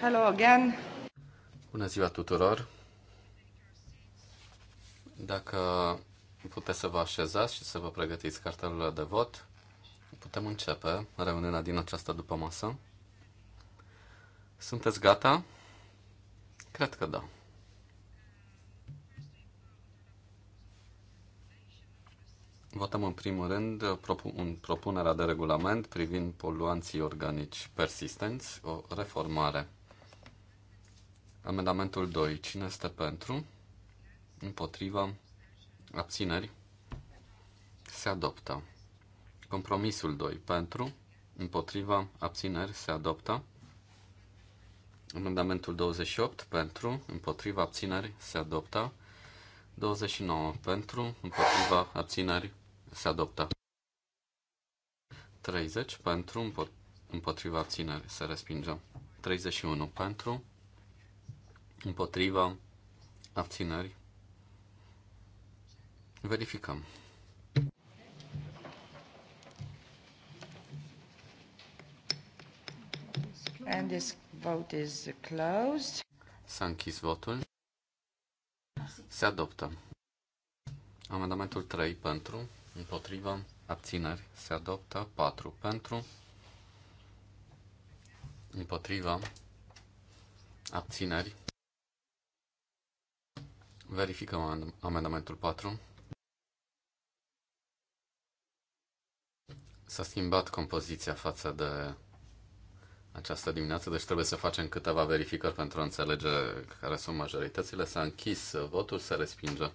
Hello again. Bună ziua tuturor. Dacă puteți să vă așezați și să vă pregătiți cartelurile de vot, putem începe reuniunea din această după masă. Sunteți gata? Cred că da. Votăm în primul rând propun, propunerea de regulament privind poluanții organici persistenți, o reformare. Amendamentul 2. Cine este pentru? Împotriva? Abțineri? Se adoptă. Compromisul 2. Pentru? Împotriva? Abțineri? Se adoptă. Amendamentul 28. Pentru? Împotriva? Abțineri? Se adoptă. 29. Pentru? Împotriva? Abțineri? Se adoptă. 30. Pentru? Împotriva? Abțineri? Se respinge. 31. Pentru? împotriva, abțineri. Verificăm. And this vote is closed. S-a închis votul. Se adoptă. Amendamentul 3 pentru, împotriva, abțineri. Se adoptă 4 pentru, împotriva, abțineri. Verificăm amendamentul 4. S-a schimbat compoziția față de această dimineață, deci trebuie să facem câteva verificări pentru a înțelege care sunt majoritățile. S-a închis votul, se respinge.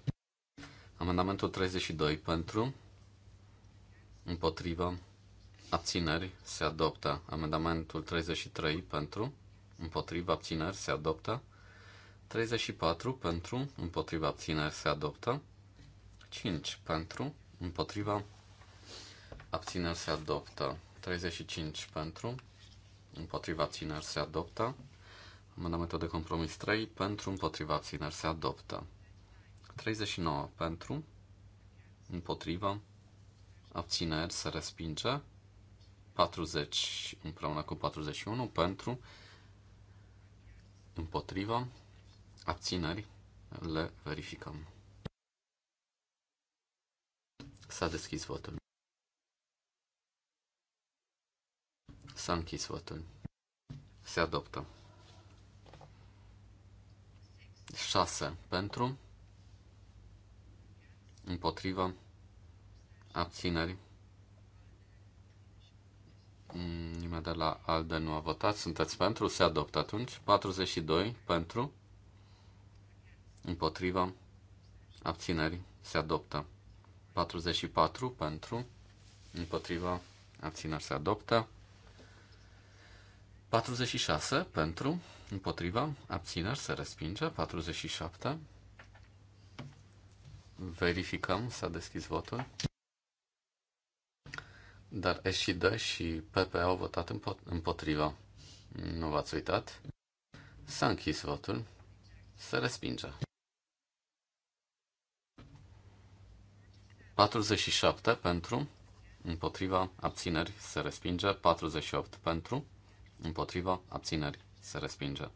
Amendamentul 32 pentru, împotrivă, abțineri, se adoptă. Amendamentul 33 pentru, împotrivă, abțineri, se adoptă. 34 pentru, împotriva abțineri se adoptă. 5 pentru, împotriva abțineri se adoptă. 35 pentru, împotriva abțineri se adoptă. Amendamentul de compromis 3 pentru, împotriva abțineri se adoptă. 39 pentru, împotriva abțineri se respinge. 40 împreună cu 41 pentru, împotriva abțineri, le verificăm. S-a deschis votul. S-a închis votul. Se adoptă. 6 pentru, împotriva, abțineri. Mm, nimeni de la ALDE nu a votat. Sunteți pentru? Se adoptă atunci. 42 pentru, împotriva, abțineri, se adoptă. 44 pentru, împotriva, abțineri, se adoptă. 46 pentru, împotriva, abțineri, se respinge. 47 Verificăm, s-a deschis votul. Dar S și D și PP au votat împotriva. Nu v-ați uitat? S-a închis votul. Se respinge. 47 pentru, împotriva abțineri se respinge, 48 pentru, împotriva abțineri se respinge,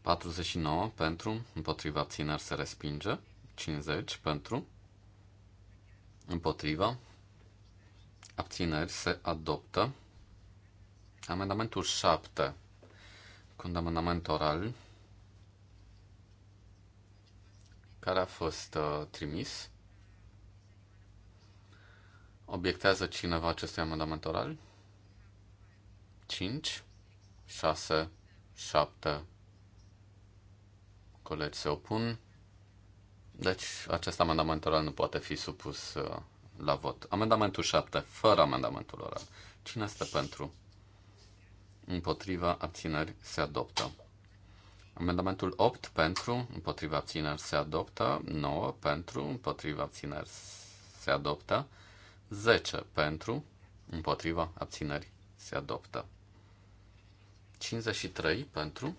49 pentru, împotriva abțineri se respinge, 50 pentru, împotriva abțineri se adoptă, amendamentul 7 condamnament amendament oral care a fost uh, trimis Obiectează cineva acestui amendament oral? 5, 6, 7. Colegi se opun. Deci acest amendament oral nu poate fi supus uh, la vot. Amendamentul 7, fără amendamentul oral. Cine este pentru? Împotriva abțineri se adoptă. Amendamentul 8 pentru, împotriva abțineri se adoptă, 9 pentru, împotriva abțineri se adoptă, 10 pentru, împotriva, abțineri, se adoptă. 53 pentru,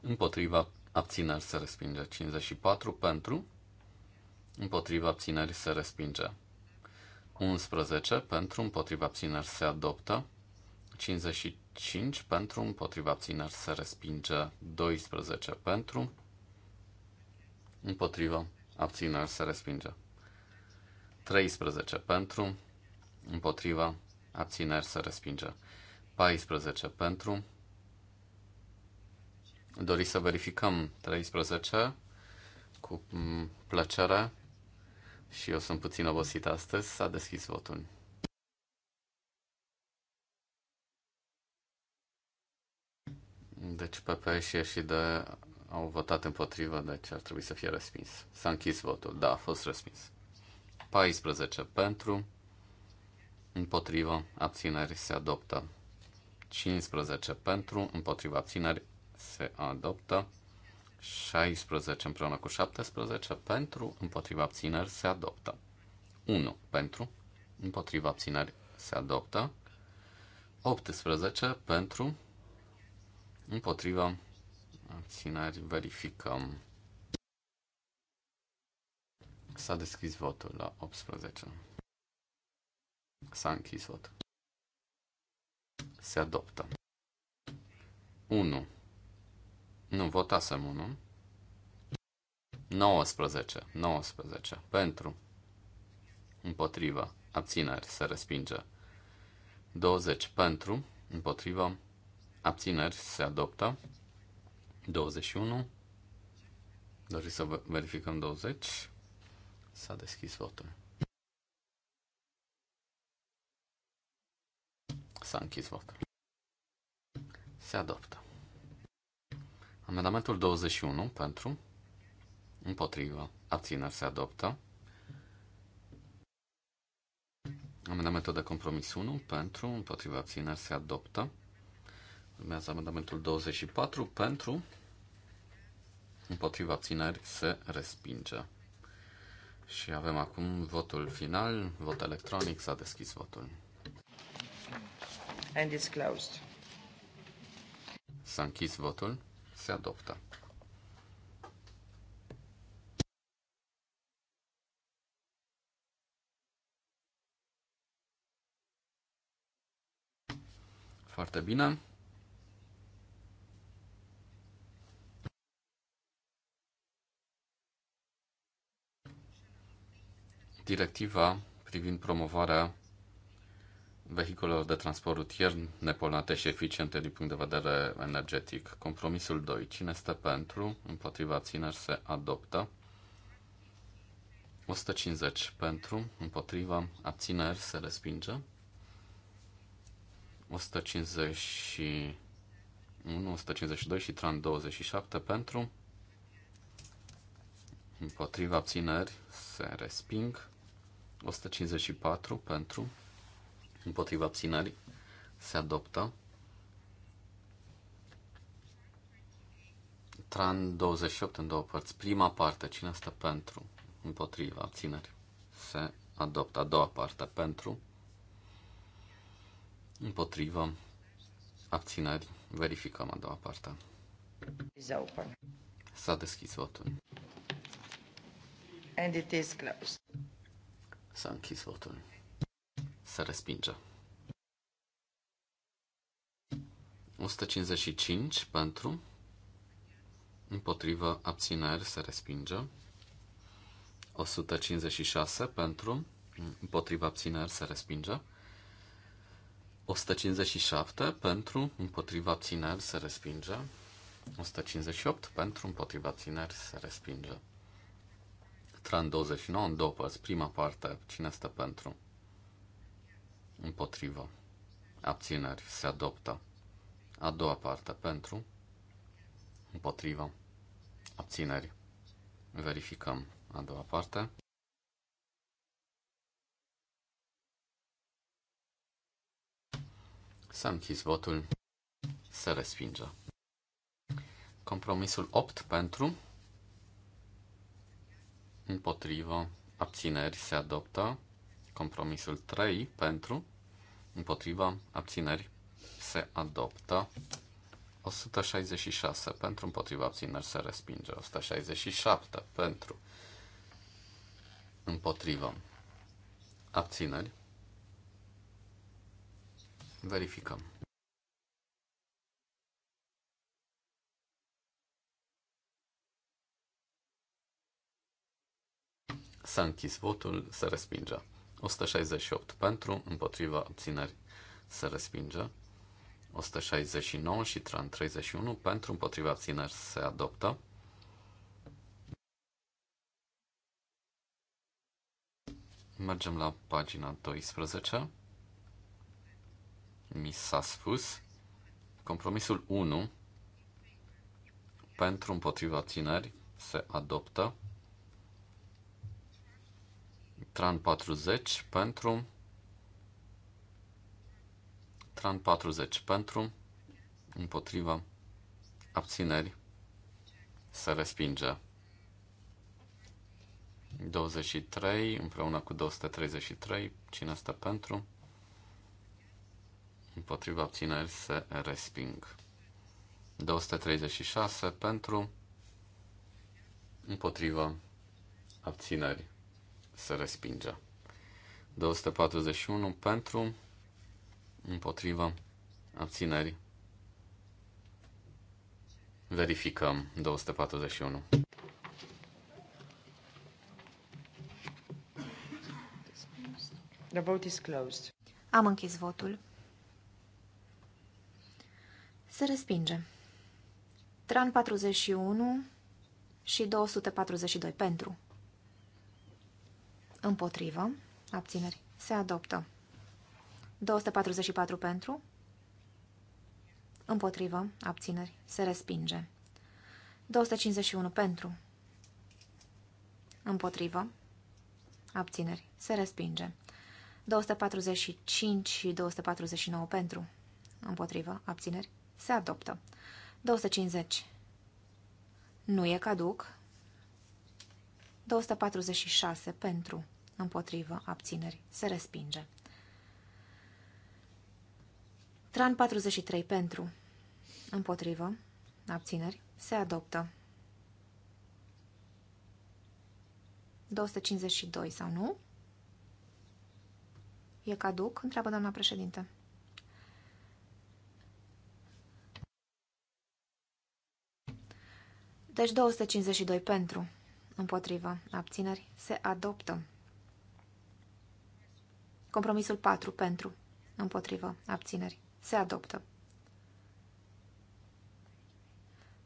împotriva, abțineri, se respinge. 54 pentru, împotriva, abțineri, se respinge. 11 pentru, împotriva, abțineri, se adoptă. 55 pentru, împotriva, abțineri, se respinge. 12 pentru, împotriva, abțineri, se respinge. 13 pentru, împotriva, abțineri se respinge. 14 pentru. dori să verificăm 13 cu mm, plăcere și eu sunt puțin obosit astăzi, s-a deschis votul. Deci PP și și de au votat împotrivă, deci ar trebui să fie respins. S-a închis votul, da, a fost respins. 14 pentru, împotrivă, abțineri se adoptă. 15 pentru, împotriva abțineri se adoptă. 16 împreună cu 17 pentru, împotriva abțineri se adoptă. 1 pentru, împotriva abțineri se adoptă. 18 pentru, împotriva abțineri verificăm. S-a deschis votul la 18. S-a închis votul. Se adoptă. 1. Nu, votasem 1. 19. 19. Pentru. Împotriva. Abțineri. Se respinge. 20. Pentru. Împotriva. Abțineri. Se adoptă. 21. Doriți să verificăm 20? S-a deschis votul. S-a închis votul. Se adoptă. Amendamentul 21 pentru, împotrivă, abțineri se adoptă. Amendamentul de compromis 1 pentru, împotrivă, abțineri se adoptă. Urmează amendamentul 24 pentru, împotrivă, abțineri se respinge. Și avem acum votul final, vot electronic, s-a deschis votul. And it's closed. S-a închis votul, se adoptă. Foarte bine. Directiva privind promovarea vehiculelor de transport rutier nepolnate și eficiente din punct de vedere energetic. Compromisul 2. Cine este pentru, împotriva țineri, se adoptă. 150 pentru, împotriva, abțineri, se respinge. 151, 152 și tran 27 pentru, împotriva, abțineri, se resping. 154 pentru, împotriva abținerii, se adoptă. Tran 28 în două părți. Prima parte, cine stă pentru, împotriva abținerii, se adoptă. A doua parte, pentru, împotriva abținerii. Verificăm a doua parte. S-a deschis votul. And it is closed. S-a închis votul. Se respinge. 155 pentru, împotrivă abțineri se respinge. 156 pentru, împotriva abțineri se respinge. 157 pentru, împotriva abțineri se respinge. 158 pentru, împotriva abțineri se respinge. Tran 29 în două părți. Prima parte, cine este pentru? Împotrivă. Abțineri. Se adoptă. A doua parte, pentru? Împotrivă. Abțineri. Verificăm a doua parte. S-a închis votul. Se respinge. Compromisul 8 pentru împotrivă, abțineri se adoptă. Compromisul 3 pentru, împotrivă, abțineri se adoptă. 166 pentru, împotrivă, abțineri se respinge. 167 pentru, împotrivă, abțineri. Verificăm. S-a închis votul, se respinge. 168 pentru, împotriva abțineri, se respinge. 169 și 31 pentru, împotriva abțineri, se adoptă. Mergem la pagina 12. Mi s-a spus compromisul 1 pentru împotriva tineri se adoptă. Tran 40 pentru. Tran 40 pentru. Împotriva. Abțineri. Se respinge. 23 împreună cu 233. Cine stă pentru? Împotriva abțineri se resping. 236 pentru. Împotriva abțineri se respinge. 241 pentru, împotriva, abțineri. Verificăm 241. The vote is closed. Am închis votul. Se respinge. Tran 41 și 242 pentru. Împotrivă. Abțineri. Se adoptă. 244 pentru. Împotrivă. Abțineri. Se respinge. 251 pentru. Împotrivă. Abțineri. Se respinge. 245 și 249 pentru. Împotrivă. Abțineri. Se adoptă. 250. Nu e caduc. 246 pentru, împotrivă, abțineri, se respinge. Tran 43 pentru, împotrivă, abțineri, se adoptă. 252 sau nu? E caduc? Întreabă doamna președinte. Deci 252 pentru. Împotrivă. Abțineri. Se adoptă. Compromisul 4. Pentru. Împotrivă. Abțineri. Se adoptă.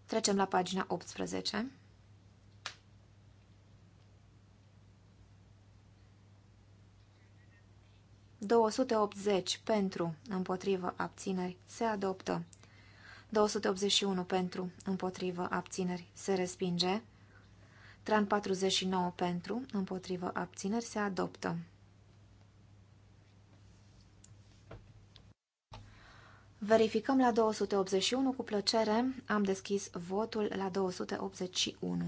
Trecem la pagina 18. ...280 pentru, împotrivă, abțineri, se adoptă. 281 pentru, împotrivă, abțineri, se respinge. Tran 49 pentru, împotrivă abțineri, se adoptă. Verificăm la 281 cu plăcere. Am deschis votul la 281.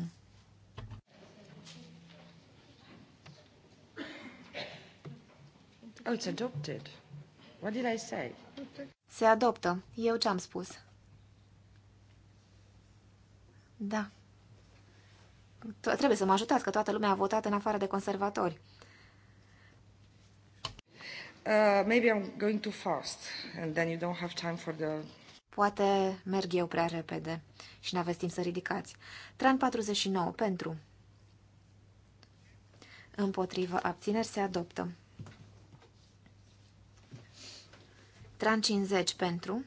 Oh, it's adopted. What did I say? Se adoptă. Eu ce-am spus? Da trebuie să mă ajutați, că toată lumea a votat în afară de conservatori. Uh, Poate merg eu prea repede și n-aveți timp să ridicați. Tran 49 pentru. Împotrivă abțineri se adoptă. Tran 50 pentru.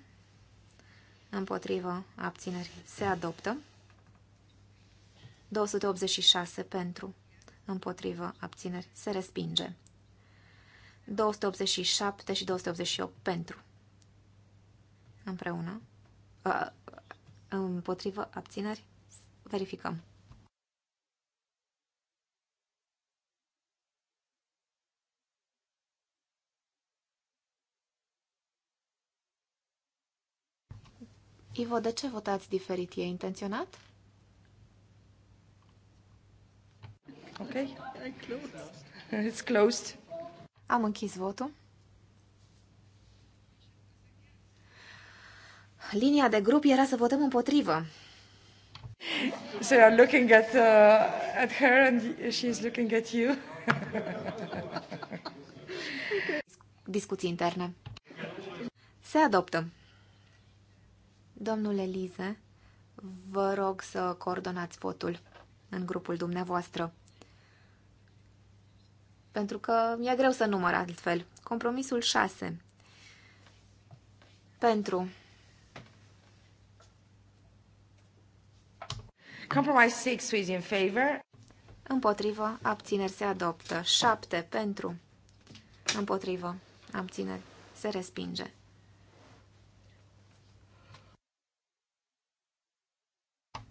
Împotrivă abțineri se adoptă. 286 pentru, împotrivă, abțineri, se respinge. 287 și 288 pentru, împreună, împotrivă, abțineri, verificăm. Ivo, de ce votați diferit? E intenționat? Ok? It's closed. Am închis votul. Linia de grup era să votăm împotrivă. So I'm looking at, uh, at her and she's looking at you. Discuții interne. Se adoptă. Domnule Lize, vă rog să coordonați votul în grupul dumneavoastră pentru că mi-e greu să număr altfel. Compromisul 6. Pentru. Compromise 6 is in favor. Împotrivă, abțineri se adoptă. 7 pentru. Împotrivă, abțineri se respinge.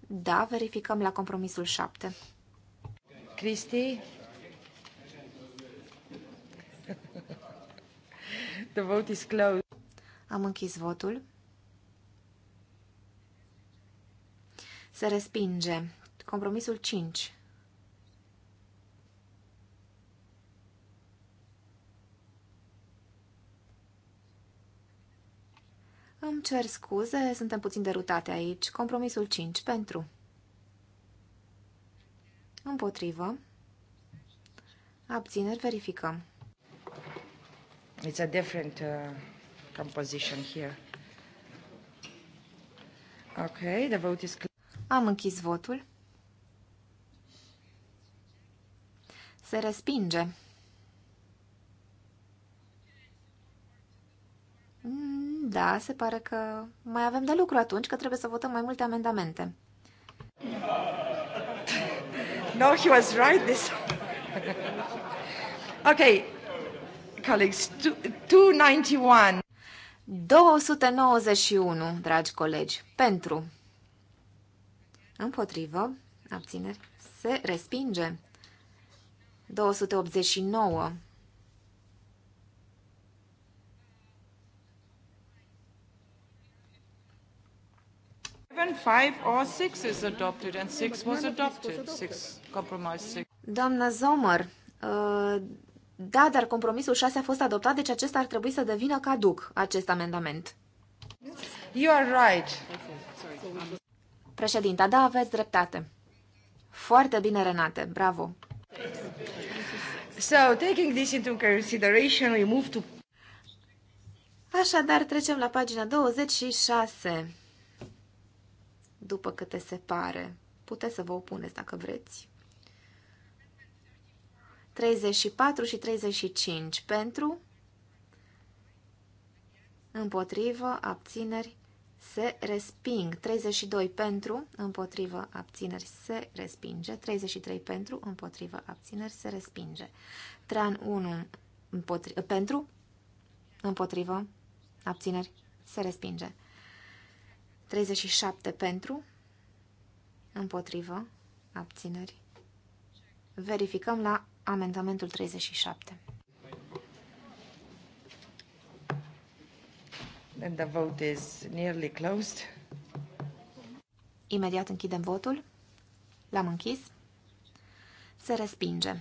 Da, verificăm la compromisul 7. Cristi? The vote is closed. Am închis votul. Se respinge. Compromisul 5. Îmi cer scuze, suntem puțin derutate aici. Compromisul 5 pentru. Împotrivă. Abțineri verificăm. It's a different uh, composition here. Okay, the vote is clear. Am închis votul. Se respinge. Mm, da, se pare că mai avem de lucru atunci, că trebuie să votăm mai multe amendamente. No, he was right this. okay, colleagues, 291. 291, dragi colegi, pentru, împotrivă, abțineri, se respinge. 289. Five or six is adopted and six was adopted. Six compromise Doamna Zomer, uh, da, dar compromisul 6 a fost adoptat, deci acesta ar trebui să devină caduc, acest amendament. You are right. Președinta, da, aveți dreptate. Foarte bine, Renate, bravo. So, taking this into consideration, we move to... Așadar, trecem la pagina 26, după câte se pare. Puteți să vă opuneți dacă vreți. 34 și 35 pentru, împotrivă, abțineri, se resping. 32 pentru, împotrivă, abțineri, se respinge. 33 pentru, împotrivă, abțineri, se respinge. Tran 1 împotri- pentru, împotrivă, abțineri, se respinge. 37 pentru, împotrivă, abțineri. Verificăm la amendamentul 37. And the vote is nearly closed. Imediat închidem votul. L-am închis. Se respinge.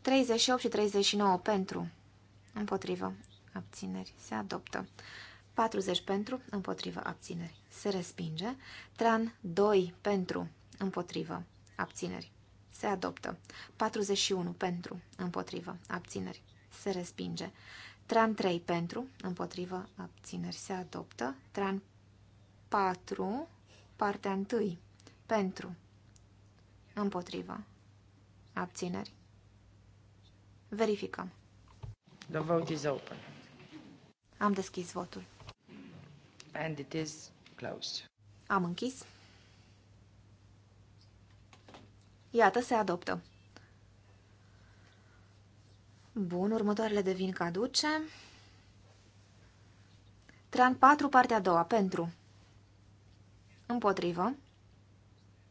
38 și 39 pentru. Împotrivă. Abțineri. Se adoptă. 40 pentru. Împotrivă. Abțineri. Se respinge. Tran 2 pentru. Împotrivă. Abțineri. Se adoptă. 41 pentru, împotrivă, abțineri. Se respinge. Tran 3 pentru, împotrivă, abțineri. Se adoptă. Tran 4, partea 1, pentru, împotrivă, abțineri. Verificăm. The vote is open. Am deschis votul. And it is closed. Am închis. Iată, se adoptă. Bun, următoarele devin caduce. Tran 4, partea a doua, pentru. Împotrivă.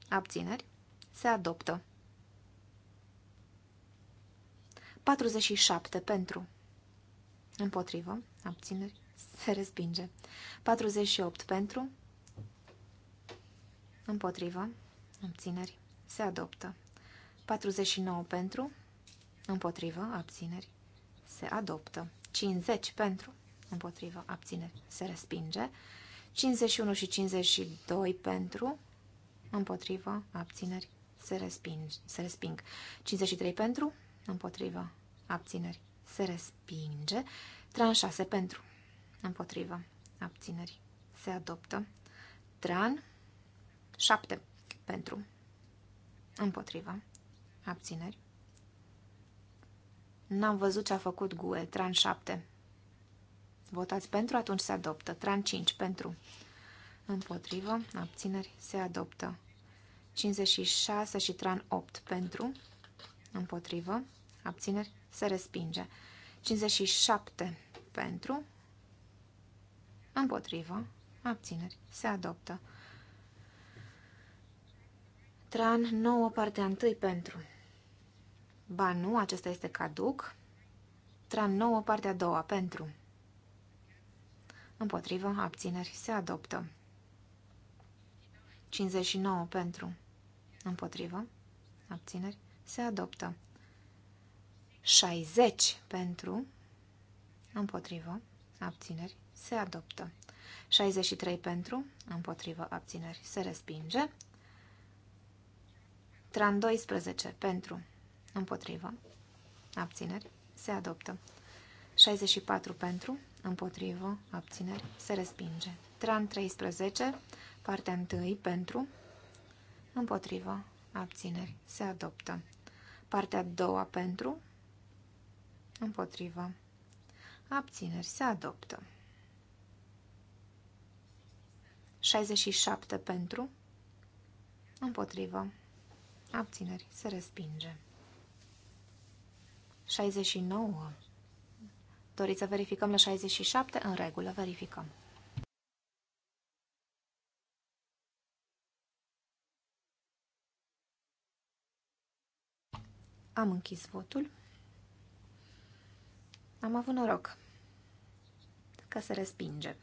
Abțineri. Se adoptă. 47, pentru. Împotrivă. Abțineri. Se respinge. 48, pentru. Împotrivă. Abțineri. Se adoptă. 49 pentru. Împotrivă. Abțineri. Se adoptă. 50 pentru. Împotrivă. Abțineri. Se respinge. 51 și 52 pentru. Împotrivă. Abțineri. Se, resping, se resping. 53 pentru. Împotrivă. Abțineri. Se respinge. Tran 6 pentru. Împotrivă. Abțineri. Se adoptă. Tran 7 pentru. Împotrivă. Abțineri. N-am văzut ce a făcut GUE. Tran 7. Votați pentru, atunci se adoptă. Tran 5. Pentru. Împotrivă. Abțineri. Se adoptă. 56 și tran 8. Pentru. Împotrivă. Abțineri. Se respinge. 57. Pentru. Împotrivă. Abțineri. Se adoptă. Tran 9, partea 1 pentru. Ba nu, acesta este caduc. Tran 9, partea 2 pentru. Împotrivă, abțineri, se adoptă. 59 pentru. Împotrivă, abțineri, se adoptă. 60 pentru. Împotrivă, abțineri, se adoptă. 63 pentru, împotrivă, abțineri, se respinge. Tran 12 pentru, împotrivă, abțineri, se adoptă. 64 pentru, împotrivă, abțineri, se respinge. Tran 13, partea 1 pentru, împotrivă, abțineri, se adoptă. Partea a doua pentru, împotrivă, abțineri, se adoptă. 67 pentru, împotrivă, Abțineri. Se respinge. 69. Doriți să verificăm la 67? În regulă, verificăm. Am închis votul. Am avut noroc că se respinge.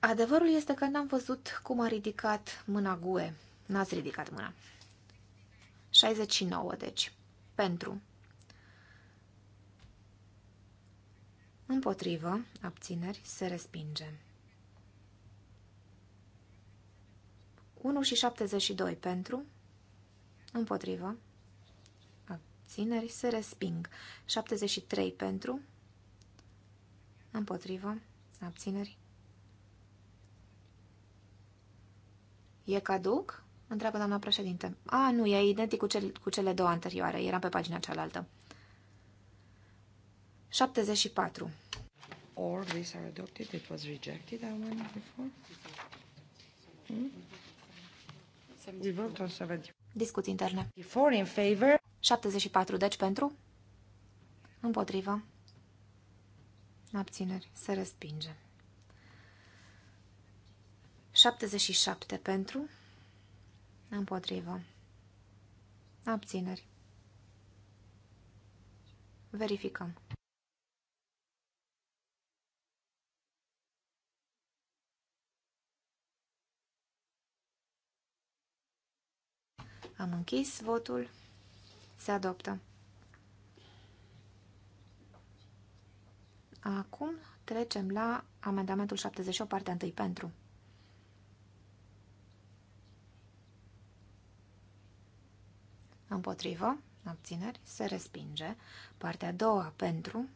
Adevărul este că n-am văzut cum a ridicat mâna Gue. N-ați ridicat mâna. 69, deci. Pentru. Împotrivă, abțineri, se respinge. 1 și 72 pentru, împotrivă, abțineri, se resping. 73 pentru, împotrivă, abțineri. E caduc? Întreabă doamna președinte. A, nu, e identic cu, cel, cu cele două anterioare. Era pe pagina cealaltă. 74. Or these are adopted. It was rejected, I went before. Hmm? We vote on 74. Discuții interne. 74 in favor. 74, deci pentru? Împotrivă. Abțineri. Se respinge. 77 pentru. Împotrivă. Abțineri. Verificăm. Am închis votul. Se adoptă. Acum trecem la amendamentul 78, partea 1 pentru. împotrivă, abțineri, se respinge. Partea a doua pentru,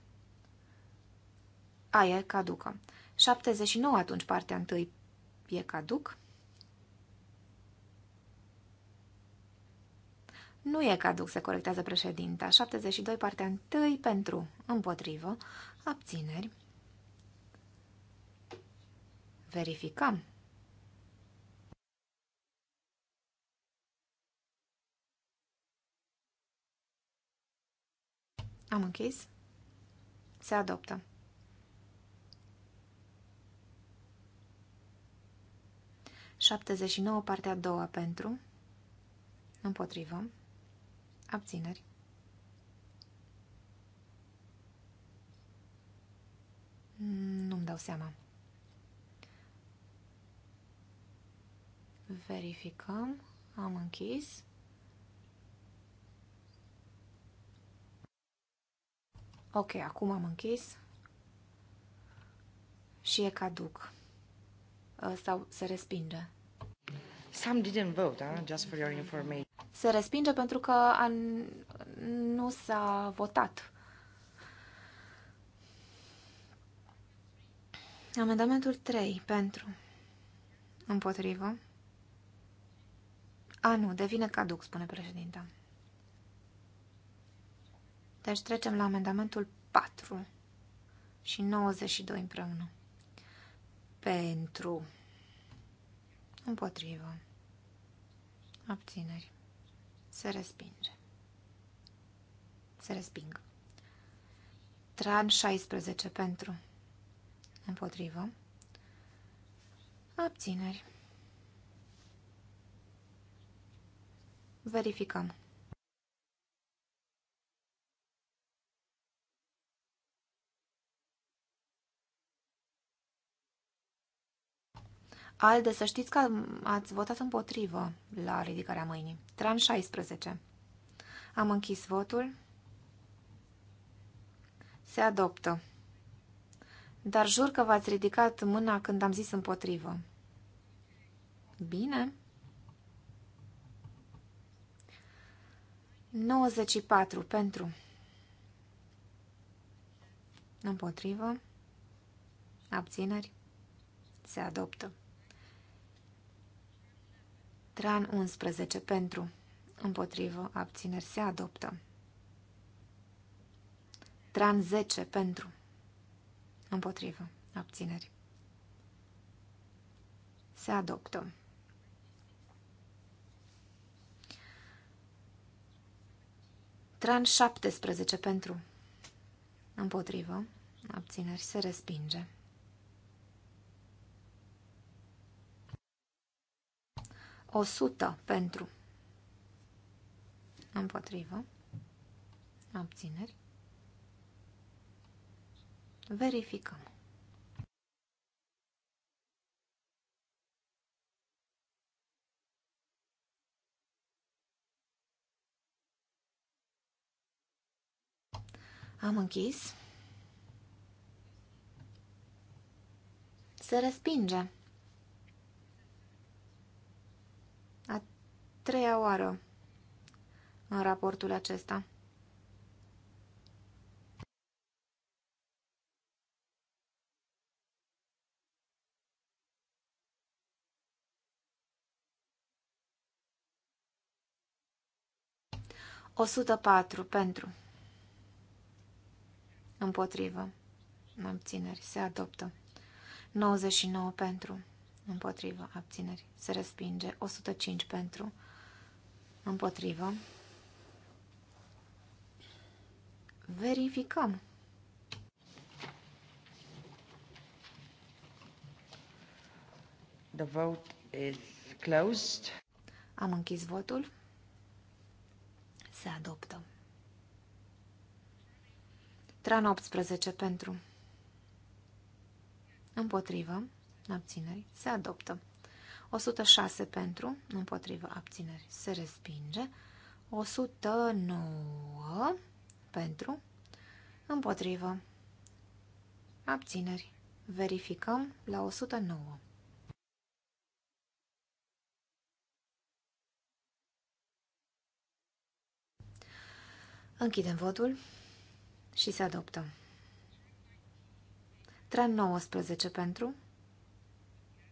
a, e caducă. 79 atunci partea întâi e caduc. Nu e caduc, se corectează președinta. 72 partea întâi pentru, împotrivă, abțineri. Verificăm. Am închis. Se adoptă. Șaptezeci și nouă, partea a doua pentru. Împotrivă. Abțineri. Nu-mi dau seama. Verificăm. Am închis. Ok, acum am închis și e caduc ă, sau se respinge. Some didn't vote, huh? just for your information. Se respinge pentru că an... nu s-a votat. Amendamentul 3 pentru împotrivă. A, nu, devine caduc, spune președinta. Deci trecem la amendamentul 4 și 92 împreună. Pentru. Împotrivă. Abțineri. Se respinge. Se resping. Tran 16 pentru. Împotrivă. Abțineri. Verificăm. Alde, să știți că ați votat împotrivă la ridicarea mâinii. Tran 16. Am închis votul. Se adoptă. Dar jur că v-ați ridicat mâna când am zis împotrivă. Bine. 94 pentru. Împotrivă. Abțineri. Se adoptă. Tran 11 pentru. Împotrivă. Abțineri se adoptă. Tran 10 pentru. Împotrivă. Abțineri. Se adoptă. Tran 17 pentru. Împotrivă. Abțineri se respinge. 100 pentru împotrivă abțineri verificăm Am închis. Se respinge. treia oară în raportul acesta. O sută patru pentru împotrivă abțineri se adoptă 99 pentru împotrivă abțineri se respinge 105 pentru Împotrivă. Verificăm. The vote is closed. Am închis votul. Se adoptă. Tran 18 pentru. Împotrivă. Abțineri. Se adoptă. 106 pentru, împotrivă abțineri, se respinge. 109 pentru, împotrivă abțineri. Verificăm la 109. Închidem votul și se adoptă. Tran 19 pentru,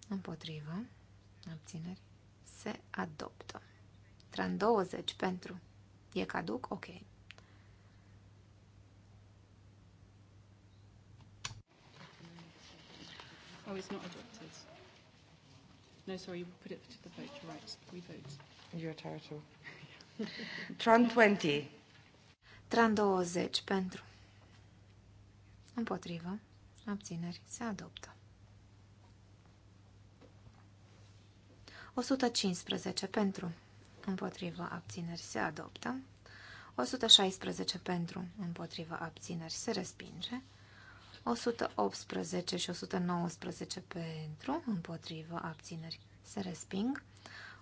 împotrivă, abțineri, se adoptă. Tran 20 pentru, e caduc? Ok. Oh, it's not adopted. No, sorry, you put it to the vote, You're right? We vote. You're tired too. Tran 20. Tran 20 pentru. Împotrivă. Abțineri. Se adoptă. 115 pentru, împotrivă, abțineri se adoptă. 116 pentru, împotrivă, abțineri se respinge. 118 și 119 pentru, împotrivă, abțineri se resping.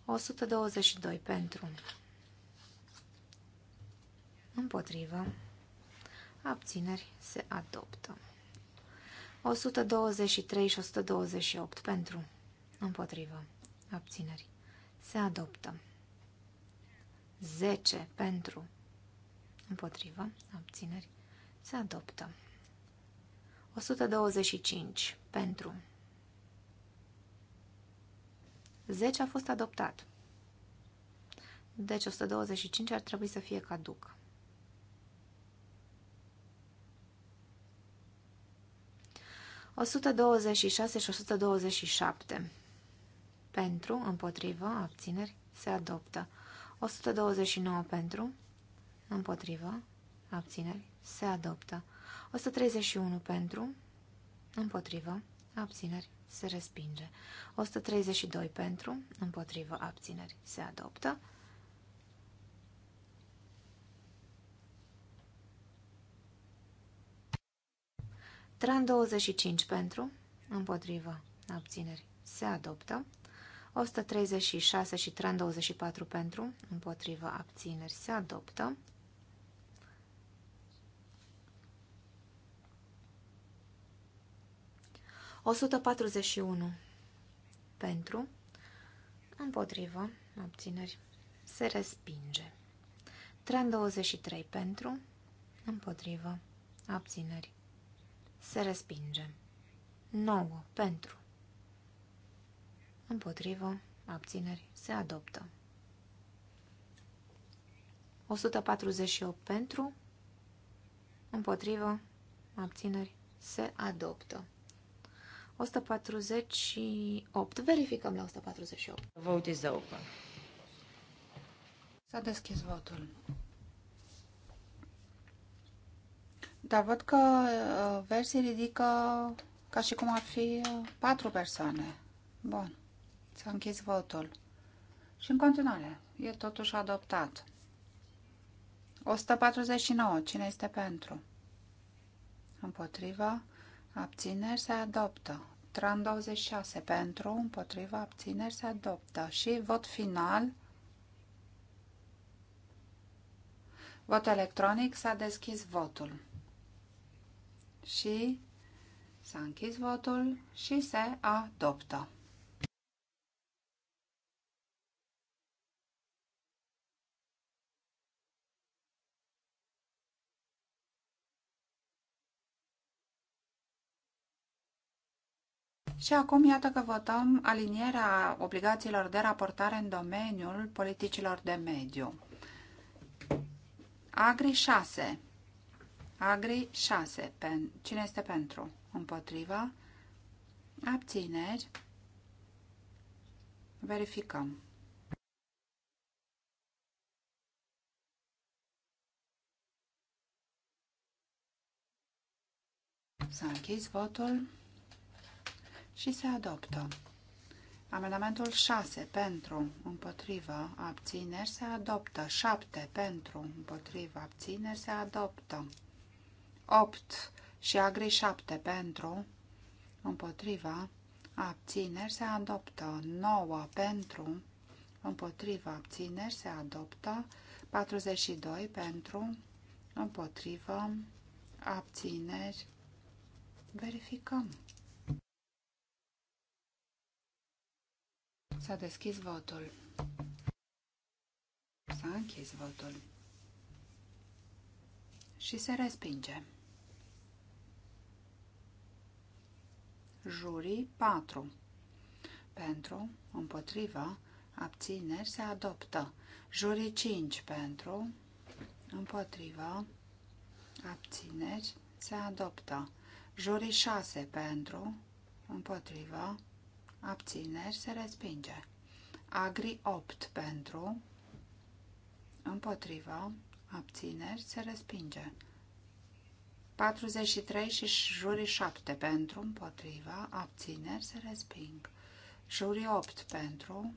122 pentru, împotrivă, abțineri se adoptă. 123 și 128 pentru, împotrivă, abțineri, se adoptă. 10 pentru, împotrivă, abțineri, se adoptă. 125 pentru. 10 a fost adoptat. Deci 125 ar trebui să fie caduc. O 126 și 127 pentru, împotrivă, abțineri, se adoptă. 129 pentru, împotrivă, abțineri, se adoptă. 131 pentru, împotrivă, abțineri, se respinge. 132 pentru, împotrivă, abțineri, se adoptă. Tran 25 pentru, împotrivă, abțineri, se adoptă. 136 și 324 24 pentru, împotriva abțineri se adoptă. ...141 pentru, împotrivă, abțineri, se respinge. 323 23 pentru, împotrivă, abțineri, se respinge. 9 pentru, împotrivă, abțineri, se adoptă. 148 pentru, împotrivă, abțineri, se adoptă. 148. Verificăm la 148. Vote is open. S-a deschis votul. Dar văd că uh, versii ridică ca și cum ar fi uh, patru persoane. Bun. S-a închis votul. Și în continuare, e totuși adoptat. 149. Cine este pentru? Împotriva. Abțineri se adoptă. Tran 26. Pentru. Împotriva. Abțineri se adoptă. Și vot final. Vot electronic. S-a deschis votul. Și s-a închis votul și se adoptă. Și acum iată că votăm alinierea obligațiilor de raportare în domeniul politicilor de mediu. Agri 6. Agri 6. Pen, cine este pentru? Împotriva? Abțineri? Verificăm. S-a închis votul și se adoptă. Amendamentul 6 pentru, împotrivă, abțineri se adoptă. 7 pentru, împotrivă, abțineri se adoptă. 8 și agri 7 pentru, împotriva, abțineri se adoptă. 9 pentru, împotriva, abțineri se adoptă. 42 pentru, împotrivă abțineri. Verificăm. S-a deschis votul. S-a închis votul. Și se respinge. Jurii 4. Pentru, împotriva, abțineri se adoptă. Jurii 5 pentru, împotriva, abțineri se adoptă. Jurii 6 pentru, împotriva, abțineri, se respinge. Agri 8 pentru, Împotrivă. abțineri, se respinge. 43 și jurii 7 pentru, Împotrivă. abțineri, se resping. Jurii 8 pentru,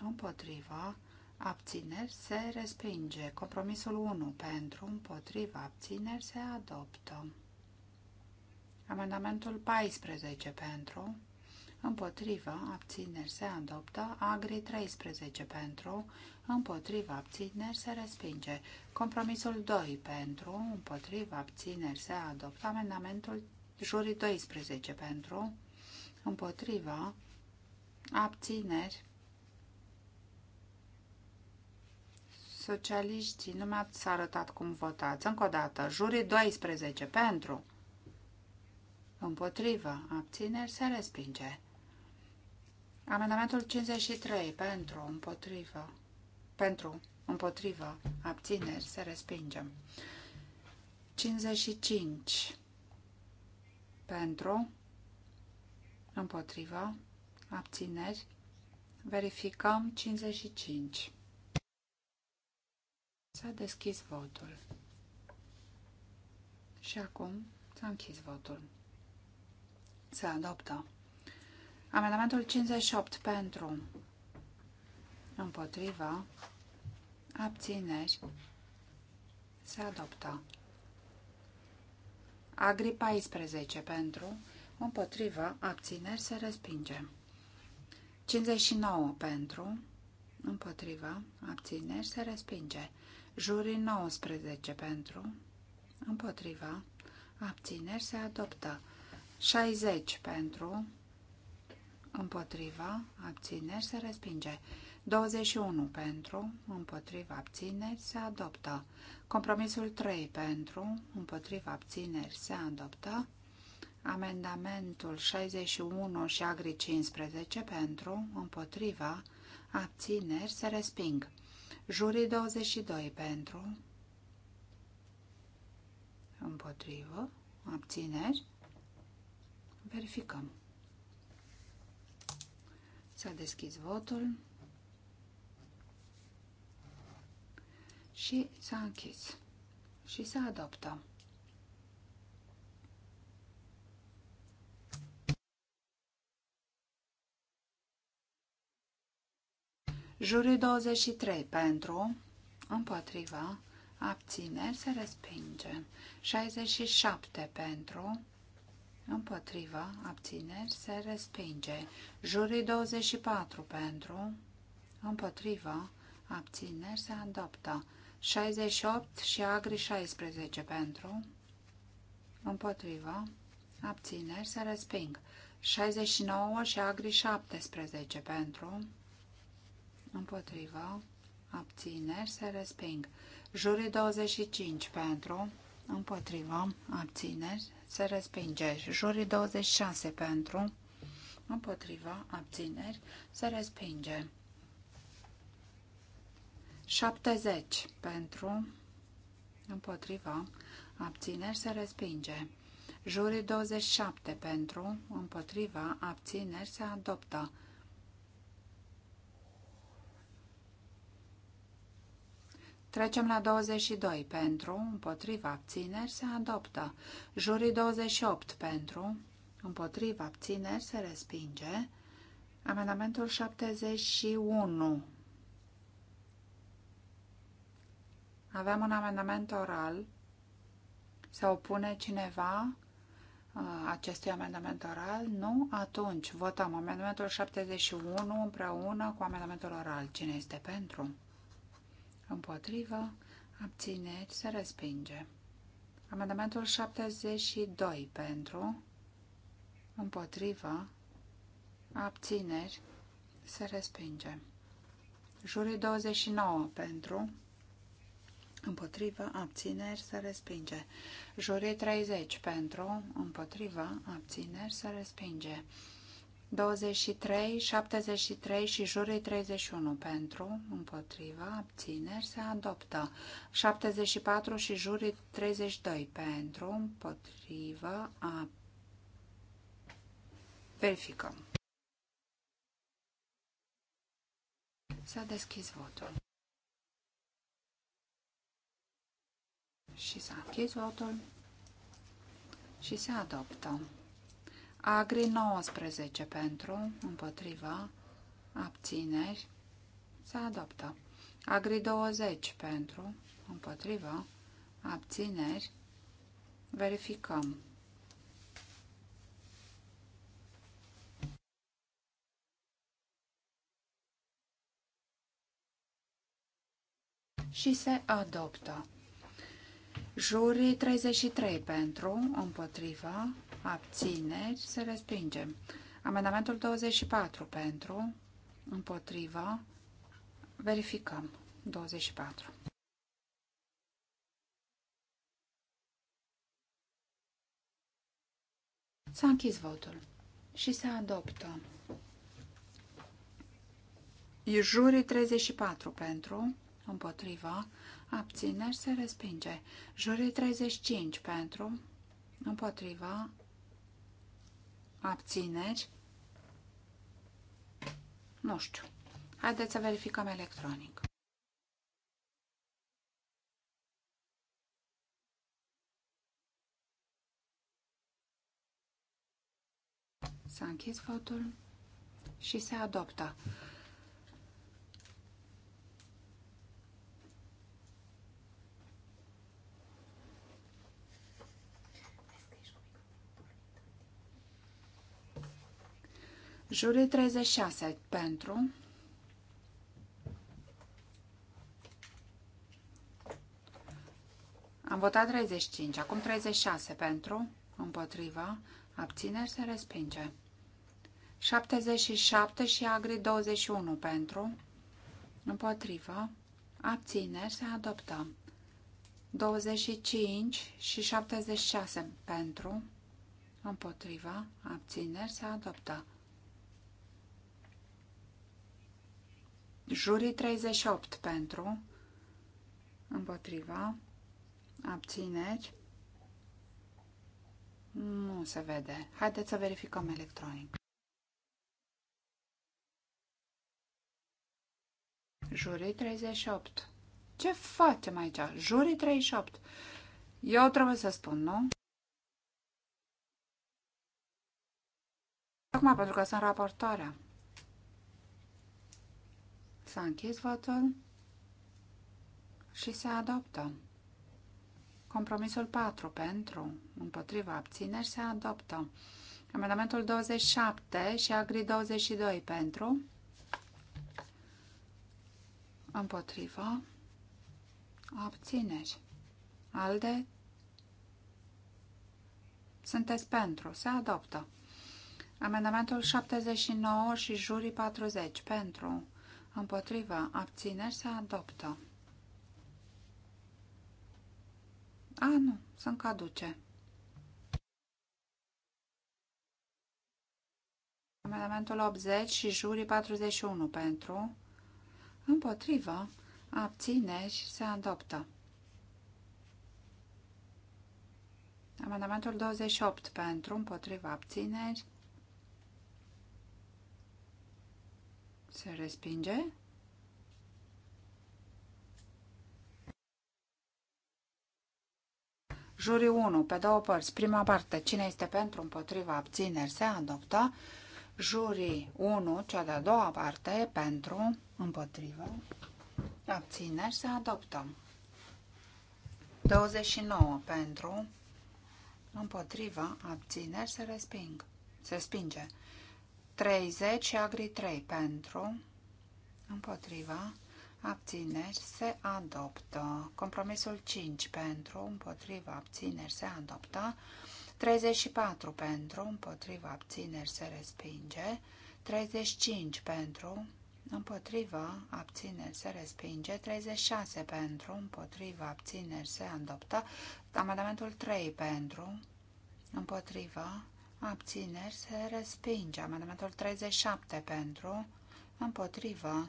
Împotrivă. abțineri, se respinge. Compromisul 1 pentru, Împotrivă. abțineri, se adoptă. Amendamentul 14 pentru, împotriva, abțineri se adoptă, agri 13 pentru, împotriva, abțineri se respinge, compromisul 2 pentru, împotriva, abțineri se adoptă, amendamentul jurii 12 pentru, împotriva, abțineri, socialiștii, nu mi-ați arătat cum votați, încă o dată, jurii 12 pentru, împotriva, abțineri se respinge. Amendamentul 53 pentru, împotrivă, pentru, împotrivă, abțineri, se respingem. 55 pentru, împotrivă, abțineri, verificăm 55. S-a deschis votul. Și acum s-a închis votul. Se adoptă. Amendamentul 58 pentru, împotriva, abțineri, se adoptă. Agri 14 pentru, împotriva, abțineri, se respinge. 59 pentru, împotriva, abțineri, se respinge. Jurii 19 pentru, împotriva, abțineri, se adoptă. 60 pentru, împotriva, abțineri, se respinge. 21 pentru, împotriva, abțineri, se adoptă. Compromisul 3 pentru, împotriva, abțineri, se adoptă. Amendamentul 61 și agri 15 pentru, împotriva, abțineri, se resping. Jurii 22 pentru, împotrivă, abțineri, verificăm să a deschis votul și s-a închis și să adoptă. Juriu 23 pentru, împotriva, abțineri se respinge. 67 pentru, Împotriva, abțineri, se respinge. Jurii 24 pentru. Împotriva, abțineri, se adoptă. 68 și agri 16 pentru. Împotriva, abțineri, se resping. 69 și agri 17 pentru. Împotriva, abțineri, se resping. Jurii 25 pentru. Împotriva, abțineri, se respinge. Jurii 26 pentru, împotriva, abțineri, se respinge. 70 pentru, împotriva, abțineri, se respinge. Jurii 27 pentru, împotriva, abțineri, se adoptă. Trecem la 22 pentru, împotriva abțineri se adoptă. Jurii 28 pentru, împotriva abțineri se respinge. Amendamentul 71. Avem un amendament oral. Se opune cineva uh, acestui amendament oral? Nu? Atunci votăm amendamentul 71 împreună cu amendamentul oral. Cine este pentru? împotrivă, abțineri, se respinge. Amendamentul 72 pentru, împotrivă, abțineri, se respinge. Jurii 29 pentru, împotrivă, abțineri, se respinge. Jurii 30 pentru, împotrivă, abțineri, se respinge. 23, 73 și jurii 31 pentru, împotriva, abțineri se adoptă. 74 și jurii 32 pentru, împotriva, a... verificăm. S-a deschis votul. Și s-a închis votul și se adoptă. Agri 19 pentru, împotriva, abțineri, se adoptă. Agri 20 pentru, împotriva, abțineri, verificăm. Și se adoptă. Jurii 33 pentru, împotriva, abțineri, se respinge. Amendamentul 24 pentru, împotriva, verificăm. 24. S-a închis votul și se adoptă. Jurii 34 pentru, împotriva, abțineri se respinge. Jurii 35 pentru, împotriva, abțineri, nu știu. Haideți să verificăm electronic. S-a închis votul și se adoptă. Jurii 36 pentru. Am votat 35, acum 36 pentru, împotriva, abțineri se respinge. 77 și agri 21 pentru, împotriva, abțineri se adoptă. 25 și 76 pentru, împotriva, abțineri se adoptă. Jurii 38 pentru, împotriva, abțineri, nu se vede. Haideți să verificăm electronic. Jurii 38. Ce facem aici? Jurii 38. Eu trebuie să spun, nu? Acum, pentru că sunt raportoarea. S-a închis votul și se adoptă. Compromisul 4 pentru, împotriva abțineri se adoptă. Amendamentul 27 și Agri 22 pentru, împotriva abțineri. Alde, sunteți pentru, se adoptă. Amendamentul 79 și jurii 40 pentru, împotriva, abțineri, se adoptă. A, nu, sunt caduce. Amendamentul 80 și jurii 41 pentru, împotriva, abțineri, se adoptă. Amendamentul 28 pentru, împotriva, abțineri, Se respinge. Juriu 1, pe două părți. Prima parte, cine este pentru, împotriva, abțineri, se adoptă. Jurii 1, cea de-a doua parte, pentru, împotriva, abțineri, se adoptă. 29, pentru, împotriva, abțineri, se resping. Se spinge. 30 și Agri 3 pentru, împotriva, abțineri, se adoptă. Compromisul 5 pentru, împotriva, abțineri, se adoptă. 34 pentru, împotriva, abțineri, se respinge. 35 pentru, împotriva, abțineri, se respinge. 36 pentru, împotriva, abțineri, se adoptă. Amendamentul 3 pentru, împotriva, abțineri se respinge. Amendamentul 37 pentru, împotrivă,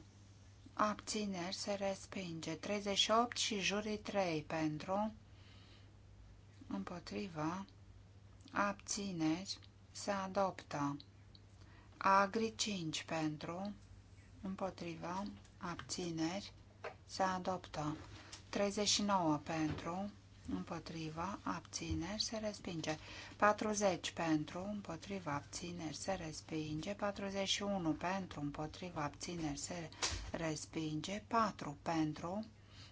abțineri se respinge. 38 și jurii 3 pentru, împotrivă, abțineri se adoptă. Agri 5 pentru, împotrivă, abțineri se adoptă. 39 pentru, împotriva, abțineri, se respinge. 40 pentru, împotriva, abțineri, se respinge. 41 pentru, împotriva, abțineri, se respinge. 4 pentru,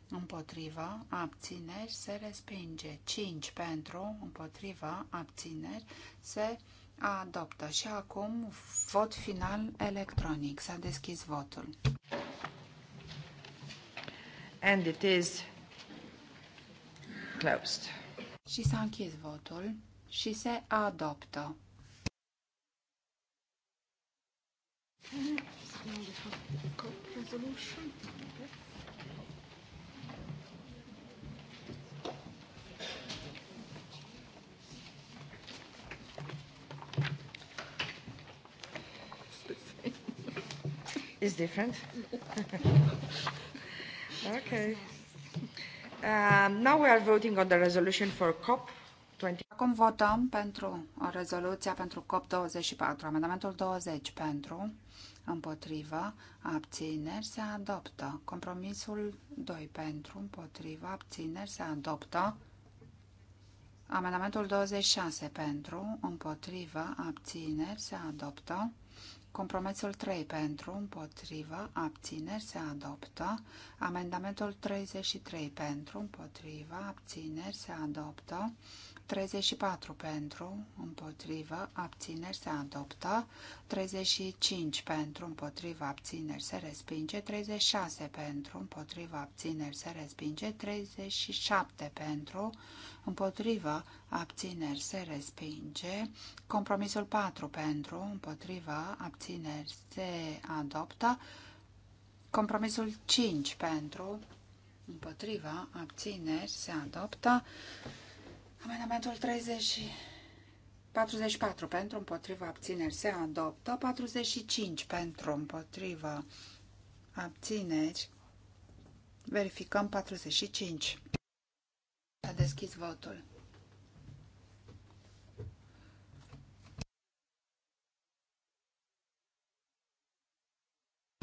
împotriva, abțineri, se respinge. 5 pentru, împotriva, abțineri, se adoptă. Și acum vot final electronic. S-a deschis votul. And it is closed. Și s-a închis votul și se adoptă. Is different? okay. Um, now we are voting on the resolution for COP. 20. Acum votăm pentru uh, rezoluția pentru COP24, amendamentul 20 pentru, împotrivă, abțineri se adoptă. Compromisul 2 pentru, împotrivă, abțineri se adoptă. Amendamentul 26 pentru, împotrivă, abțineri se adoptă. Compromisul 3 pentru, împotrivă, abțineri se adoptă. Amendamentul 33 pentru, împotrivă, abțineri se adoptă. 34 pentru, împotrivă, abțineri se adoptă, 35 pentru, împotrivă, abțineri se respinge, 36 pentru, împotrivă, abțineri se respinge, 37 pentru, împotrivă, abțineri se respinge, compromisul 4 pentru, împotrivă, abțineri se adoptă, compromisul 5 pentru, împotriva, abțineri se adoptă, Amendamentul 30, 44 pentru împotriva abțineri se adoptă, 45 pentru împotriva abțineri. Verificăm 45. A deschis votul.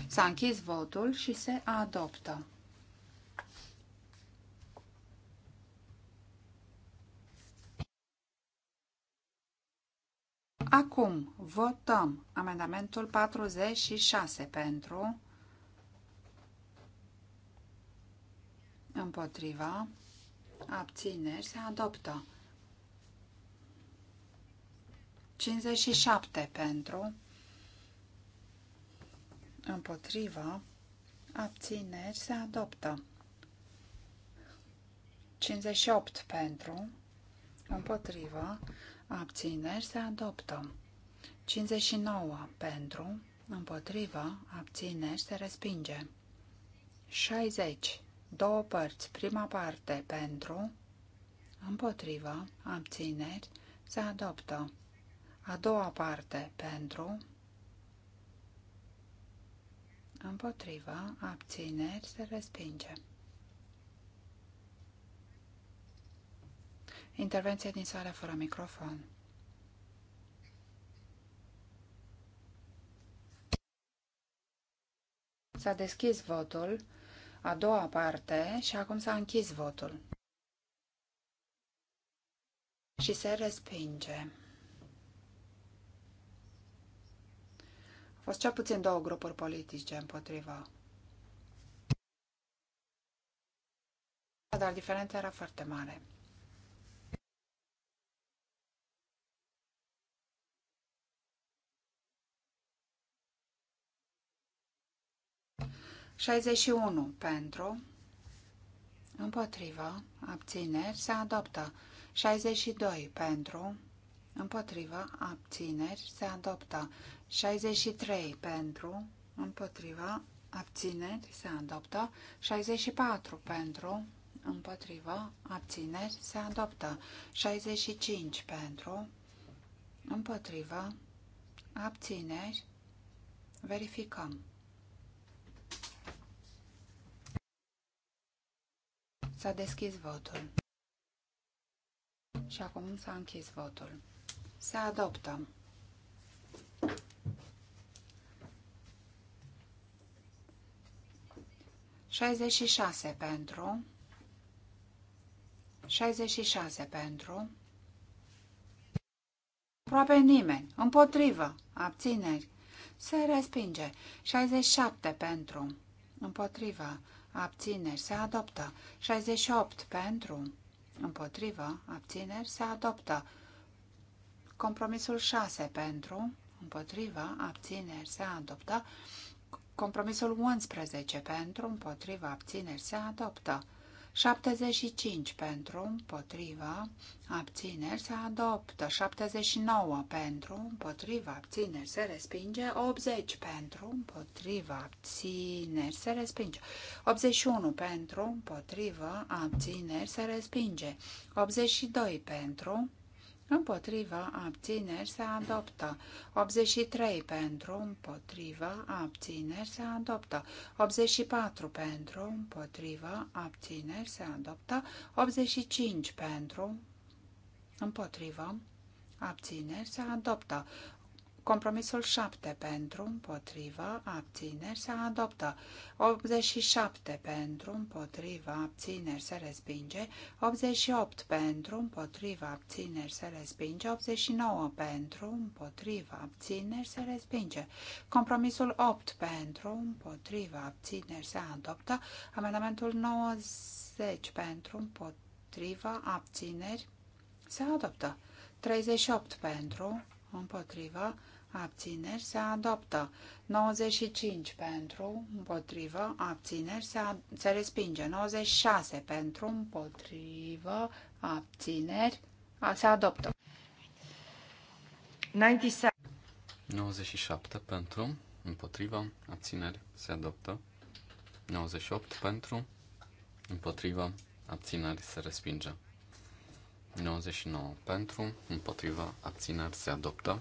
S-a închis votul și se adoptă. Acum votăm amendamentul 46 pentru, împotriva, abțineri, se adoptă. 57 pentru, împotriva, abțineri, se adoptă. 58 pentru, împotriva, abțineri se adoptă. 59 pentru, împotrivă, abțineri se respinge. 60. Două părți, prima parte pentru, împotrivă, abțineri se adoptă. A doua parte pentru, împotrivă, abțineri se respinge. Intervenție din sală fără microfon. S-a deschis votul, a doua parte, și acum s-a închis votul. Și se respinge. Au fost cel puțin două grupuri politice împotriva. Dar diferența era foarte mare. 61 pentru, împotrivă, abțineri, se adoptă. 62 pentru, împotrivă, abțineri, se adoptă. 63 pentru, împotrivă, abțineri, se adoptă. 64 pentru, împotrivă, abțineri, se adoptă. 65 pentru, împotrivă, abțineri, verificăm. S-a deschis votul. Și acum s-a închis votul. Se adoptă. Șaizeci și șase pentru. șase pentru. Aproape nimeni. Împotrivă. Abțineri. Se respinge. și șapte pentru. Împotrivă abțineri, se adoptă. 68 pentru, împotrivă, abțineri, se adoptă. Compromisul 6 pentru, împotrivă, abțineri, se adoptă. Compromisul 11 pentru, împotrivă, abțineri, se adoptă. 75 pentru, împotriva, abțineri se adoptă. 79 pentru, împotriva, abțineri se respinge. 80 pentru, împotriva, abțineri se respinge. 81 pentru, împotriva, abțineri se respinge. 82 pentru, împotriva abțineri se adoptă. 83 pentru împotriva abțineri se adoptă. 84 pentru împotriva abțineri se adoptă. 85 pentru împotriva abțineri se adoptă. Compromisul 7 pentru, împotrivă, abțineri, se adoptă. 87 pentru, împotrivă, abțineri, se respinge. 88 pentru, împotrivă, abțineri, se respinge. 89 pentru, împotrivă, abțineri, se respinge. Compromisul 8 pentru, împotrivă, abțineri, se adoptă. Amendamentul 90 pentru, împotrivă, abțineri, se adoptă. 38 pentru, împotriva, abțineri se adoptă. 95 pentru, împotrivă, abțineri se, se respinge. 96 pentru, împotrivă, abțineri a, se adoptă. 97. 97 pentru, împotriva, abțineri, se adoptă. 98 pentru, împotriva, abțineri, se respinge. 99 pentru, împotriva, abțineri, se adoptă.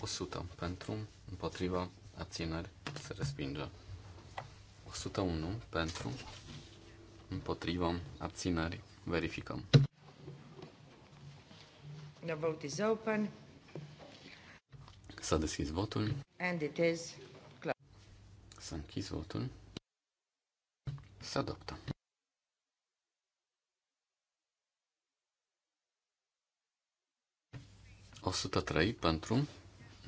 100 pentru, împotriva, abțineri, se respinge. 101 pentru, împotriva, abțineri, verificăm. The vote is open. S-a deschis votul. And it is closed. S-a închis votul. Se adoptă. trei pentru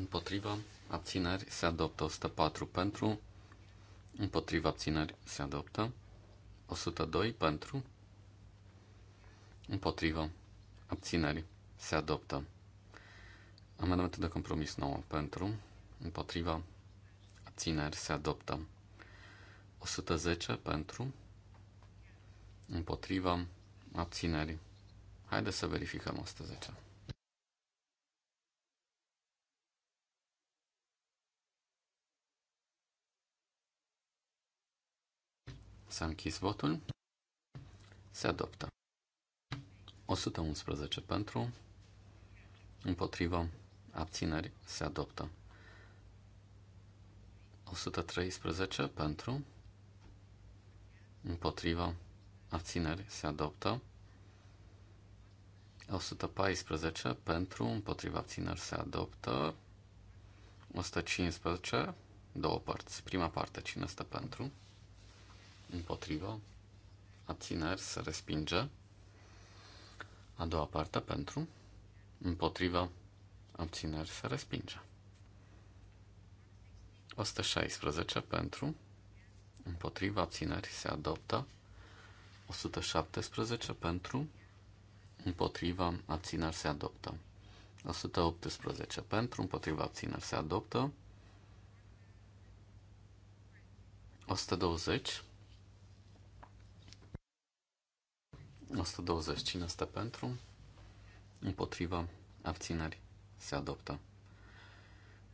împotriva, abțineri, se adoptă 104 pentru, împotriva, abțineri, se adoptă 102 pentru, împotriva, abțineri, se adoptă. Amendamentul de compromis 9 pentru, împotriva, abțineri, se adoptă 110 pentru, împotriva, abțineri. Haideți să verificăm 110. S-a închis votul. Se adoptă. 111 pentru. Împotrivă. Abțineri. Se adoptă. 113 pentru. Împotrivă. Abțineri. Se adoptă. 114 pentru, împotriva abțineri se adoptă. 115, două părți. Prima parte, cine stă pentru? împotrivă, abțineri, se respinge. A doua parte pentru, împotrivă, abțineri, se respinge. 116 pentru, împotrivă, abțineri se adoptă. 117 pentru, împotriva abțineri se adoptă. 118 pentru, împotriva abțineri se adoptă. 120 120. Cine este pentru? Împotriva abțineri se adoptă.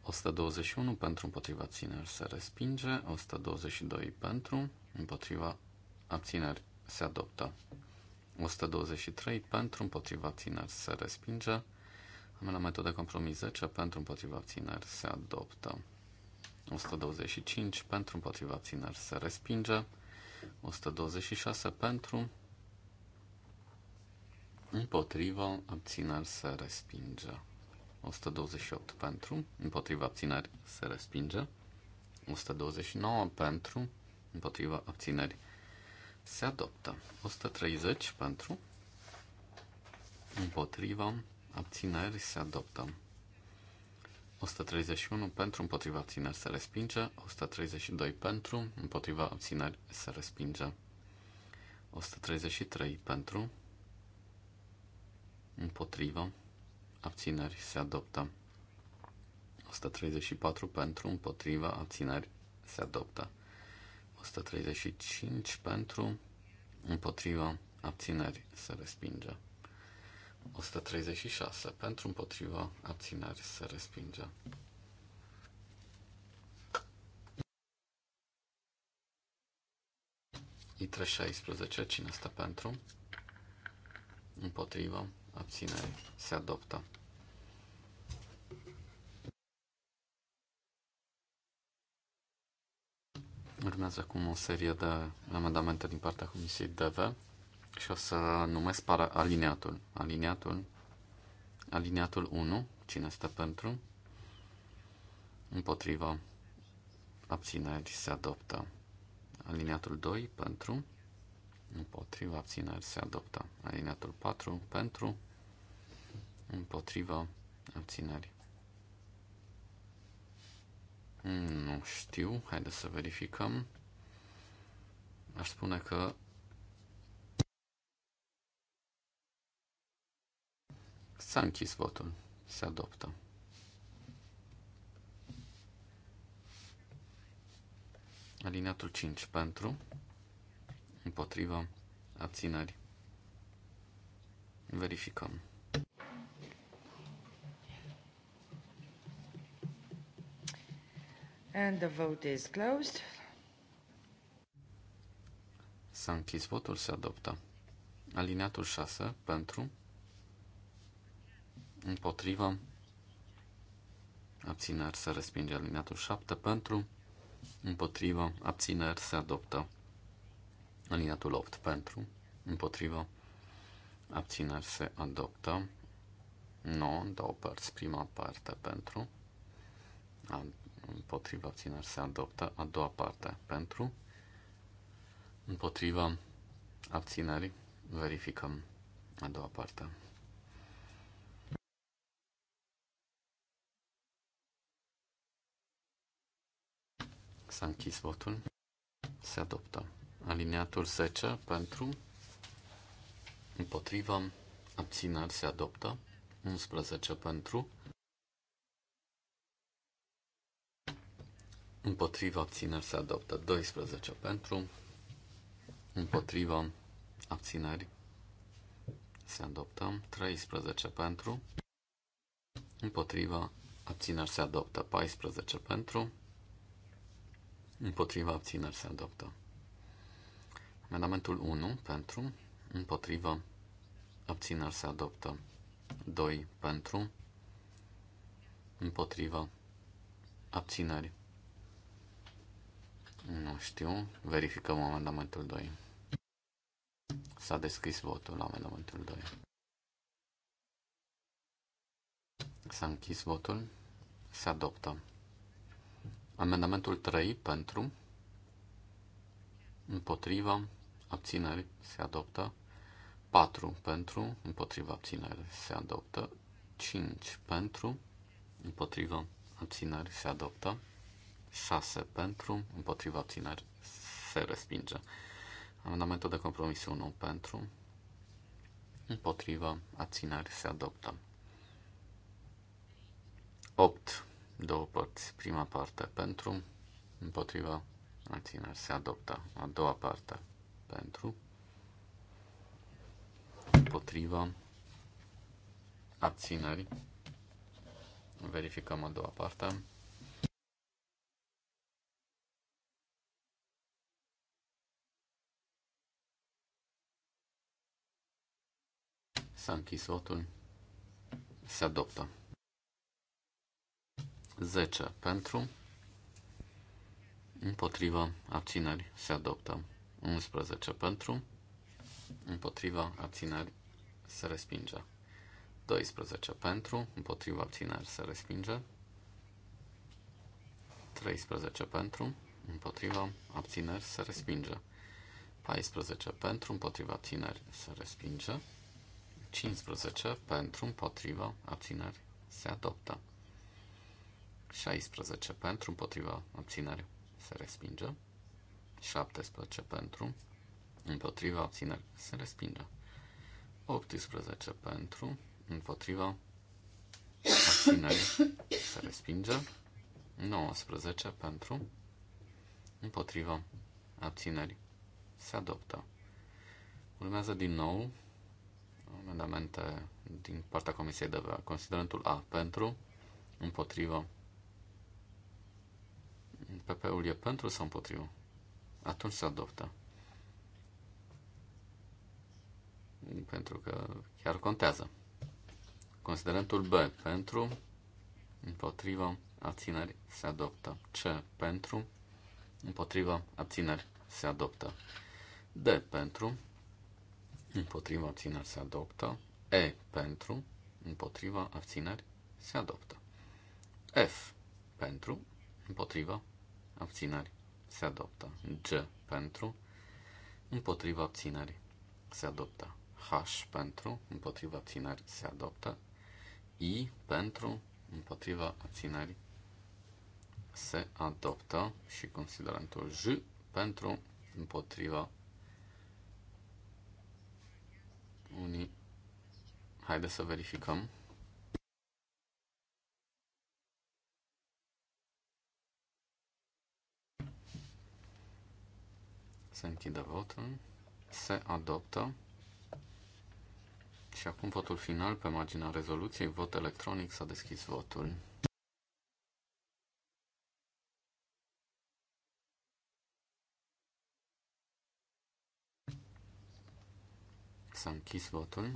121 pentru împotriva abțineri se respinge. 122 pentru împotriva abțineri se adoptă. 123 pentru împotriva abțineri se respinge. Amendamentul de compromis 10 pentru împotriva abțineri se adoptă. 125 pentru împotriva abțineri se respinge. 126 pentru Împotrivă, abțineri se respinge. 128 pentru, împotriva abțineri se respinge. 129 pentru, împotriva abțineri se adoptă. 130 pentru, împotriva abțineri se adoptă. 131 pentru, împotriva abțineri se respinge. 132 pentru, împotriva abțineri se respinge. 133 pentru, împotrivă, abțineri se adoptă. 134 pentru, împotrivă, abțineri se adoptă. 135 pentru, împotrivă, abțineri se respinge. 136 pentru, împotrivă, abțineri se respinge. I316, cine stă pentru? Împotrivă, abținere se adoptă. Urmează acum o serie de amendamente din partea Comisiei DV și o să numesc para aliniatul. Aliniatul, aliniatul 1, cine stă pentru? Împotriva. Abțineri se adoptă. Aliniatul 2, pentru. Împotriva abțineri se adoptă. Aliniatul 4, pentru împotriva abținerii. Nu știu, haide să verificăm. Aș spune că s-a închis votul, se adoptă. Alineatul 5 pentru, împotriva, abțineri. Verificăm. And the vote is closed. S-a închis votul, se adoptă. Alineatul 6 pentru, împotrivă, abțineri se respinge. Alineatul 7 pentru, împotrivă, abțineri se adoptă. Alineatul 8 pentru, împotrivă, abțineri se adoptă. 9, două părți, prima parte pentru, a împotriva abțineri se adoptă. A doua parte pentru, împotriva abținerii verificăm a doua parte. S-a închis votul. Se adoptă. Aliniatul 10 pentru, împotriva abținerii se adoptă. 11 pentru, Împotriva abțineri se adoptă 12 pentru. Împotriva abțineri se adoptă 13 pentru. Împotriva abțineri se adoptă 14 pentru. Împotriva abțineri se adoptă. Amendamentul 1 pentru. Împotriva abțineri se adoptă 2 pentru. Împotriva abțineri nu știu. Verificăm amendamentul 2. S-a deschis votul la amendamentul 2. S-a închis votul. Se adoptă. Amendamentul 3 pentru. Împotriva. Abțineri. Se adoptă. 4 pentru. Împotriva abțineri. Se adoptă. 5 pentru. Împotriva abțineri. Se adoptă. 6 pentru, împotriva abțineri se respinge. Amendamentul de compromis 1 pentru, împotriva abțineri se adoptă. 8. Două părți. Prima parte pentru, împotriva abțineri se adoptă. A doua parte pentru, împotriva abțineri. Verificăm a doua parte. S-a închis votul. Se adoptă. 10 pentru. Împotriva abțineri se adoptă. 11 pentru. Împotriva abțineri se respinge. 12 pentru. Împotriva abțineri se respinge. 13 pentru. Împotriva abțineri se respinge. 14 pentru. Împotriva abțineri se respinge. 15 pentru, împotriva, abțineri, se adoptă. 16 pentru, împotriva, abțineri, se respinge. 17 pentru, împotriva, abțineri, se respinge. 18 pentru, împotriva, abțineri, se respinge. 19 pentru, împotriva, abțineri, se adoptă. Urmează din nou amendamente din partea Comisiei de VA. Considerentul A pentru, împotrivă. PP-ul e pentru sau împotrivă? Atunci se adoptă. Pentru că chiar contează. Considerentul B pentru, împotrivă, abțineri se adoptă. C pentru, împotrivă, abțineri se adoptă. D pentru, împotriva abțineri se adoptă, E pentru, împotriva abțineri se adoptă, F pentru, împotriva abțineri se adoptă, G pentru, împotriva abțineri se adoptă, H pentru, împotriva abțineri se adoptă, I pentru, împotriva abțineri se adoptă și considerantul J pentru, împotriva Unii. Haideți să verificăm. Se închide votul. Se adoptă. Și acum votul final pe marginea rezoluției. Vot electronic. S-a deschis votul. să a închis votul.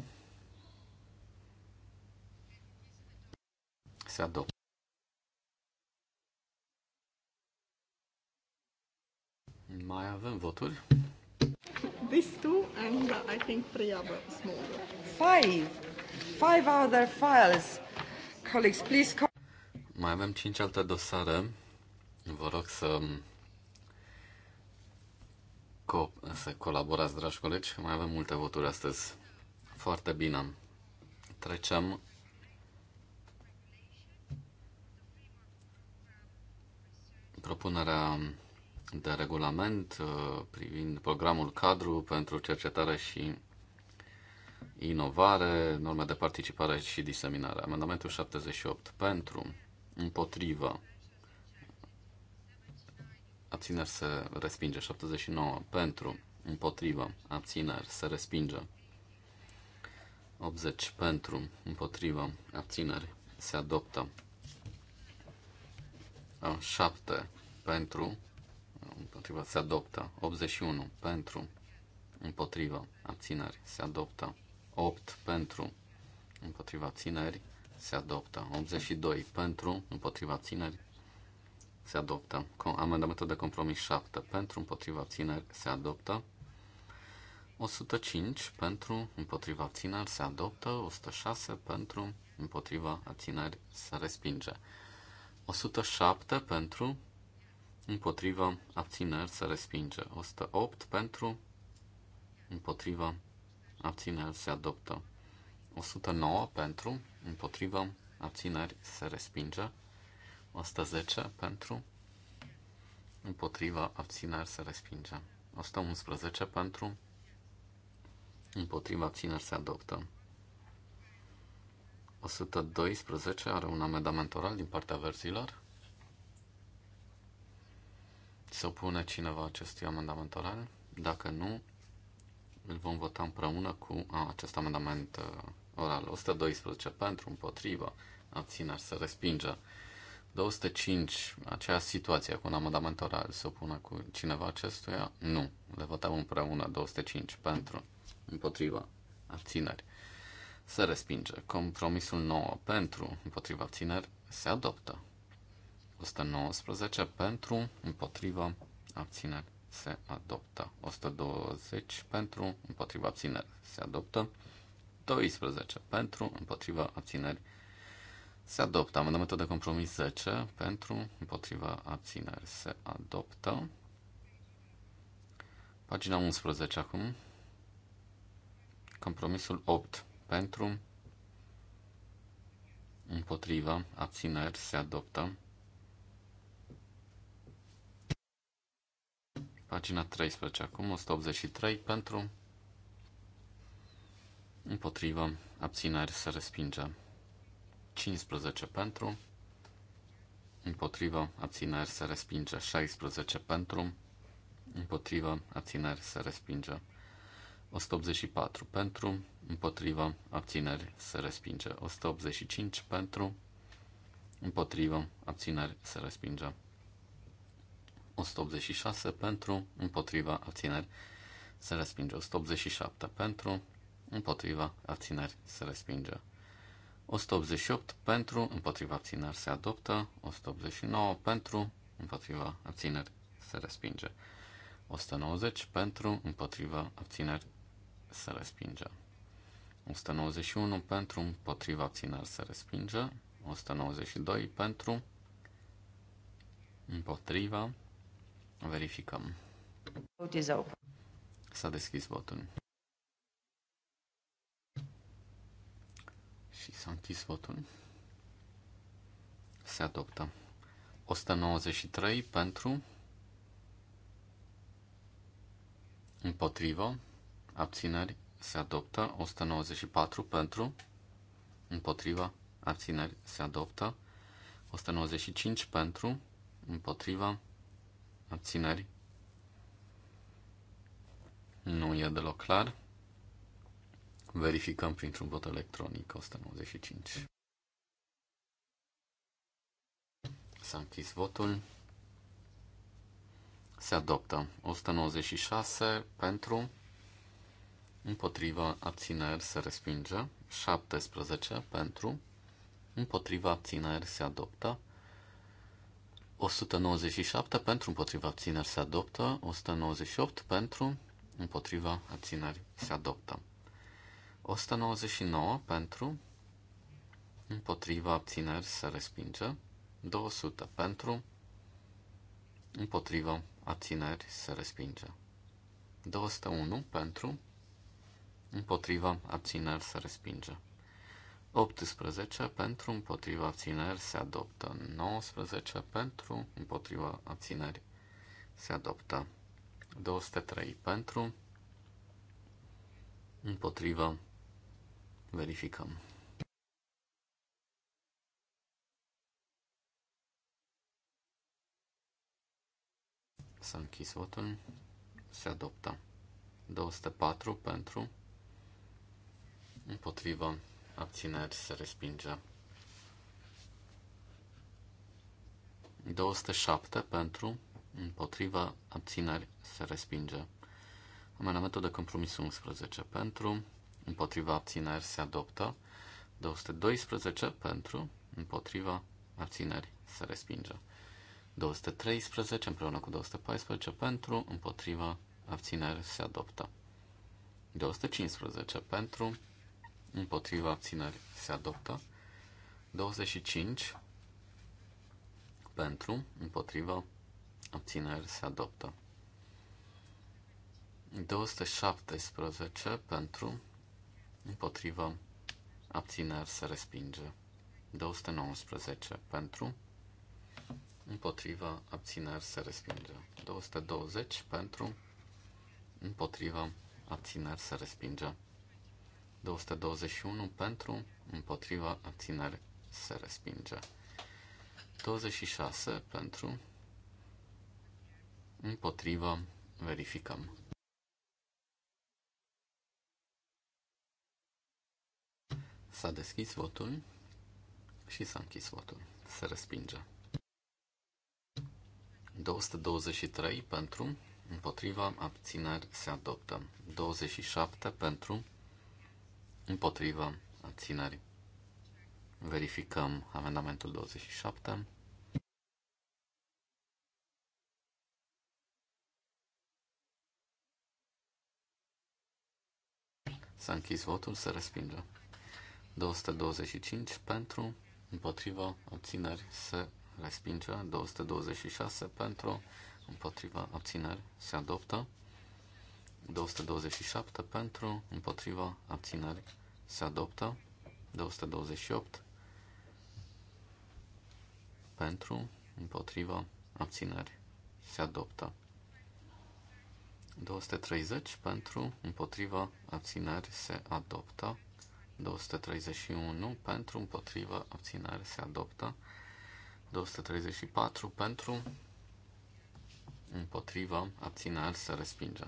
Se adoptă. Mai avem voturi. These two and uh, I think three other smaller. Five. Five other files. Colleagues, please. Mai avem cinci alte dosare. Vă rog să co- să colaborați, dragi colegi. Mai avem multe voturi astăzi. Foarte bine. Trecem propunerea de regulament uh, privind programul cadru pentru cercetare și inovare, norme de participare și diseminare. Amendamentul 78 pentru, împotrivă, abțineri se respinge. 79 pentru, împotrivă, abțineri se respinge. 80 pentru, împotrivă, abțineri se adoptă. 7 pentru, împotrivă, se adoptă. 81 pentru, împotrivă, abțineri se adoptă. 8 pentru, împotriva țineri se adoptă. 82 pentru, împotriva țineri se adoptă. Amendamentul de compromis 7 pentru, împotriva abțineri se adoptă. 105 pentru, împotriva abțineri se adoptă. 106 pentru, împotriva abțineri se respinge. 107 pentru, împotriva abțineri se respinge. 108 pentru, împotriva abțineri se adoptă. 109 pentru, împotriva abțineri se respinge. 110 pentru, împotriva abțineri se respinge. 111 pentru, împotriva abțineri se adoptă. 112 are un amendament oral din partea verzilor. Se opune cineva acestui amendament oral? Dacă nu, îl vom vota împreună cu a, acest amendament uh, oral. 112 pentru, împotriva, abțineri se respinge. 205, acea situație cu un amendament oral, să pună cu cineva acestuia? Nu. Le votăm împreună 205 pentru, împotriva, abțineri. Se respinge. Compromisul 9 pentru, împotriva, abțineri, se adoptă. 119 pentru, împotriva, abțineri, se adoptă. 120 pentru, împotriva, abțineri, se adoptă. 12 pentru, împotriva, abțineri, se se adoptă amendamentul de compromis 10 pentru, împotriva abțineri se adoptă. Pagina 11 acum. Compromisul 8 pentru, împotriva abțineri se adoptă. Pagina 13 acum, 183 pentru, împotriva abțineri se respinge. 15 pentru, împotrivă, abțineri se respinge. 16 pentru, împotrivă, abțineri se respinge. 184 pentru, împotrivă, abțineri se respinge. 185 pentru, împotrivă, abțineri se respinge. 186 pentru, împotriva, abțineri, se respinge. 187 pentru, împotriva, abțineri, se respinge. 188 pentru, împotriva abțineri se adoptă, 189 pentru, împotriva abțineri se respinge, 190 pentru, împotriva abțineri se respinge, 191 pentru, împotriva abțineri se respinge, 192 pentru, împotriva, verificăm. S-a deschis votul. Și s-a închis votul. Se adoptă. 193 pentru. Împotrivă. Abțineri. Se adoptă. 194 pentru. Împotriva. Abțineri. Se adoptă. 195 pentru. Împotriva. Abțineri. Nu e deloc clar. Verificăm printr-un vot electronic 195. S-a închis votul. Se adoptă 196 pentru, împotriva abțineri se respinge, 17 pentru, împotriva abțineri se adoptă, 197 pentru, împotriva abțineri se adoptă, 198 pentru, împotriva abțineri se adoptă. 199 pentru, împotriva abțineri se respinge, 200 pentru, împotriva abțineri se respinge, 201 pentru, împotriva abțineri se respinge, 18 pentru, împotriva abțineri se adoptă, 19 pentru, împotriva abțineri se adoptă, 203 pentru, împotriva Verificăm. S-a închis votul. Se adoptă. 204 pentru. Împotrivă. Abțineri se respinge. 207 pentru. Împotriva abțineri se respinge. Amendamentul de compromis 11 pentru, împotriva abțineri se adoptă. 212 pentru, împotriva abțineri se respinge. 213 împreună cu 214 pentru, împotriva abțineri se adoptă. 215 pentru, împotriva abțineri se adoptă. 25 pentru, împotriva abțineri se adoptă. 217 pentru, împotrivă, abțineri se respinge. 219 pentru, împotrivă, abțineri se respinge. 220 pentru, împotrivă, abțineri se respinge. 221 pentru, împotriva, abțineri se respinge. 26 pentru, împotriva, verificăm. S-a deschis votul și s-a închis votul. Se respinge. 223 pentru, împotriva, abțineri, se adoptă. 27 pentru, împotriva, abțineri. Verificăm amendamentul 27. S-a închis votul, se respinge. 225 pentru, împotriva obțineri se respinge, 226 pentru, împotriva obțineri se adoptă, 227 pentru, împotriva obțineri se adoptă, 228 pentru, împotriva obțineri se adoptă. 230 pentru, împotriva abțineri se adoptă. 231 pentru, împotrivă, abținere se adoptă. 234 pentru, împotrivă, abținere se respinge.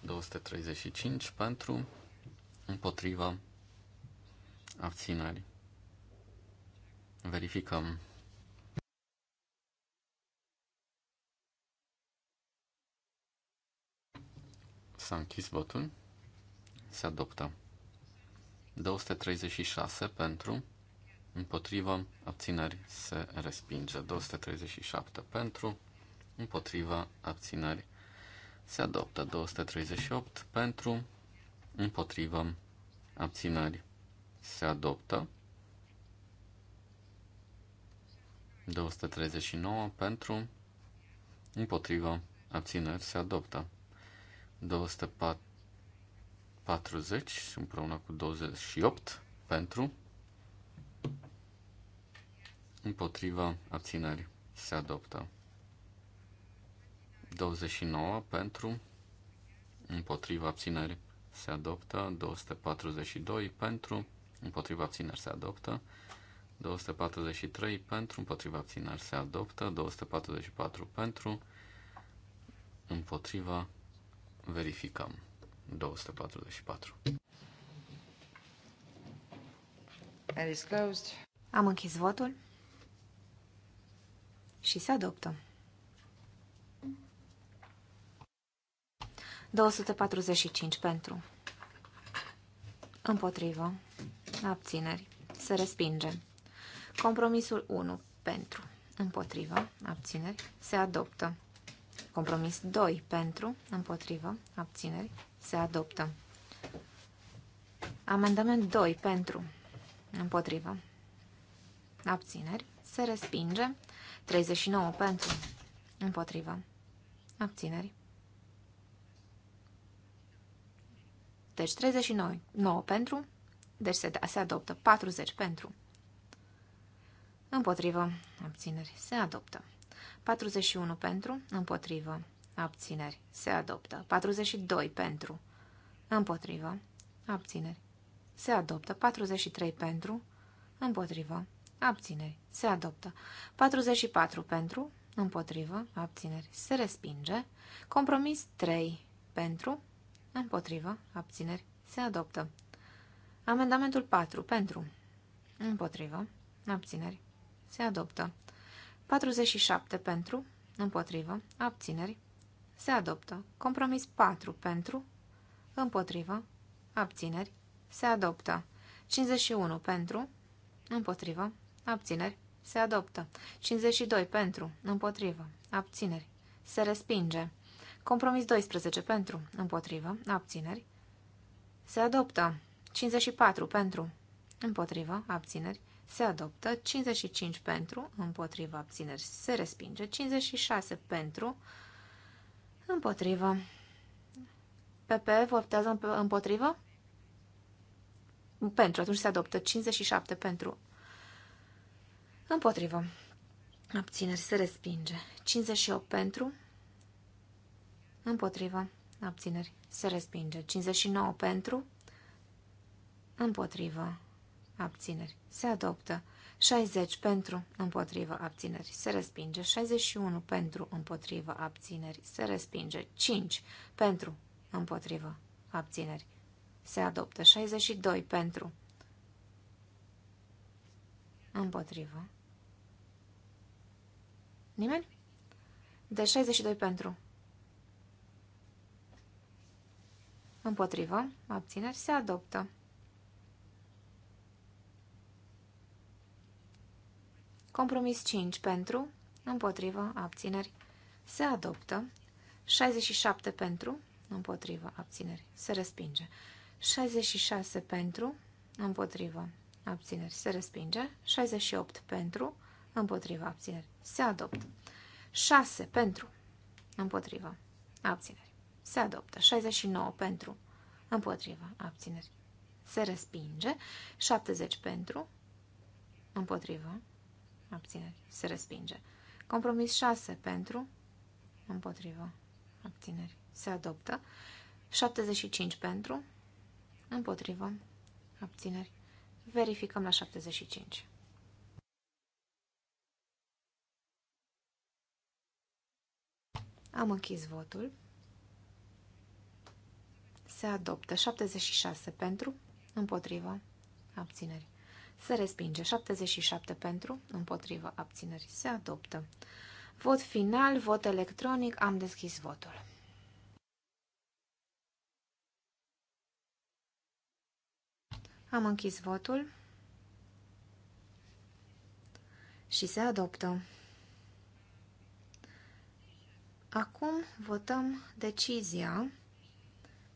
235 pentru, împotrivă, abținere. Verificăm. S-a închis votul. Se adoptă. 236 pentru, împotriva, abțineri se respinge. 237 pentru, împotriva, abțineri se adoptă. 238 pentru, împotriva, abțineri se adoptă. 239 pentru, împotriva, abțineri se adoptă. 204 40 împreună cu 28 pentru împotriva abținerii se adoptă. 29 pentru împotriva abținerii se adoptă. 242 pentru împotriva abțineri se adoptă. 243 pentru împotriva abțineri se adoptă. 244 pentru împotriva verificăm. 244. closed. Am închis votul și se adoptă. 245 pentru. Împotrivă. Abțineri. Se respinge. Compromisul 1 pentru. Împotrivă. Abțineri. Se adoptă. Compromis 2 pentru. Împotrivă. Abțineri. Se adoptă. Amendament 2 pentru. Împotrivă. Abțineri. Se respinge. 39 pentru. Împotrivă. Abțineri. Deci 39 9 pentru. Deci se, se adoptă. 40 pentru. Împotrivă. Abțineri. Se adoptă. 41 pentru. Împotrivă abțineri, se adoptă. 42 pentru, împotrivă, abțineri, se adoptă. 43 pentru, împotrivă, abțineri, se adoptă. 44 pentru, împotrivă, abțineri, se respinge. Compromis 3 pentru, împotrivă, abțineri, se adoptă. Amendamentul 4 pentru, împotrivă, abțineri, se adoptă. 47 pentru, împotrivă, abțineri, se adoptă. Compromis 4 pentru, împotrivă, abțineri, se adoptă. 51 pentru, împotrivă, abțineri, se adoptă. 52 pentru, împotrivă, abțineri, se respinge. Compromis 12 pentru, împotrivă, abțineri, se adoptă. 54 pentru, împotrivă, abțineri, se adoptă. 55 pentru, împotrivă, abțineri, se respinge. 56 pentru, împotrivă, Împotrivă. Pepe votează împotrivă? Pentru, atunci se adoptă. 57 pentru. Împotrivă. Abțineri se respinge. 58 pentru. Împotrivă. Abțineri se respinge. 59 pentru. Împotrivă. Abțineri se adoptă. 60 pentru împotrivă abțineri se respinge, 61 pentru împotrivă abțineri se respinge, 5 pentru împotrivă abțineri se adoptă, 62 pentru împotrivă. Nimeni? De 62 pentru împotrivă abțineri se adoptă. Compromis 5 pentru, împotrivă, abțineri, se adoptă. 67 pentru, împotrivă, abțineri, se respinge. 66 pentru, împotrivă, abțineri, se respinge. 68 pentru, împotrivă, abțineri, se adoptă. 6 pentru, împotrivă, abțineri, se adoptă. 69 pentru, împotrivă, abțineri, se respinge. 70 pentru, împotrivă, abțineri, se respinge. Compromis 6 pentru, împotrivă, abțineri, se adoptă. 75 pentru, împotrivă, abțineri. Verificăm la 75. Am închis votul. Se adoptă 76 pentru, Împotrivă. abțineri. Se respinge. 77 pentru, împotrivă, abținerii Se adoptă. Vot final, vot electronic, am deschis votul. Am închis votul și se adoptă. Acum votăm decizia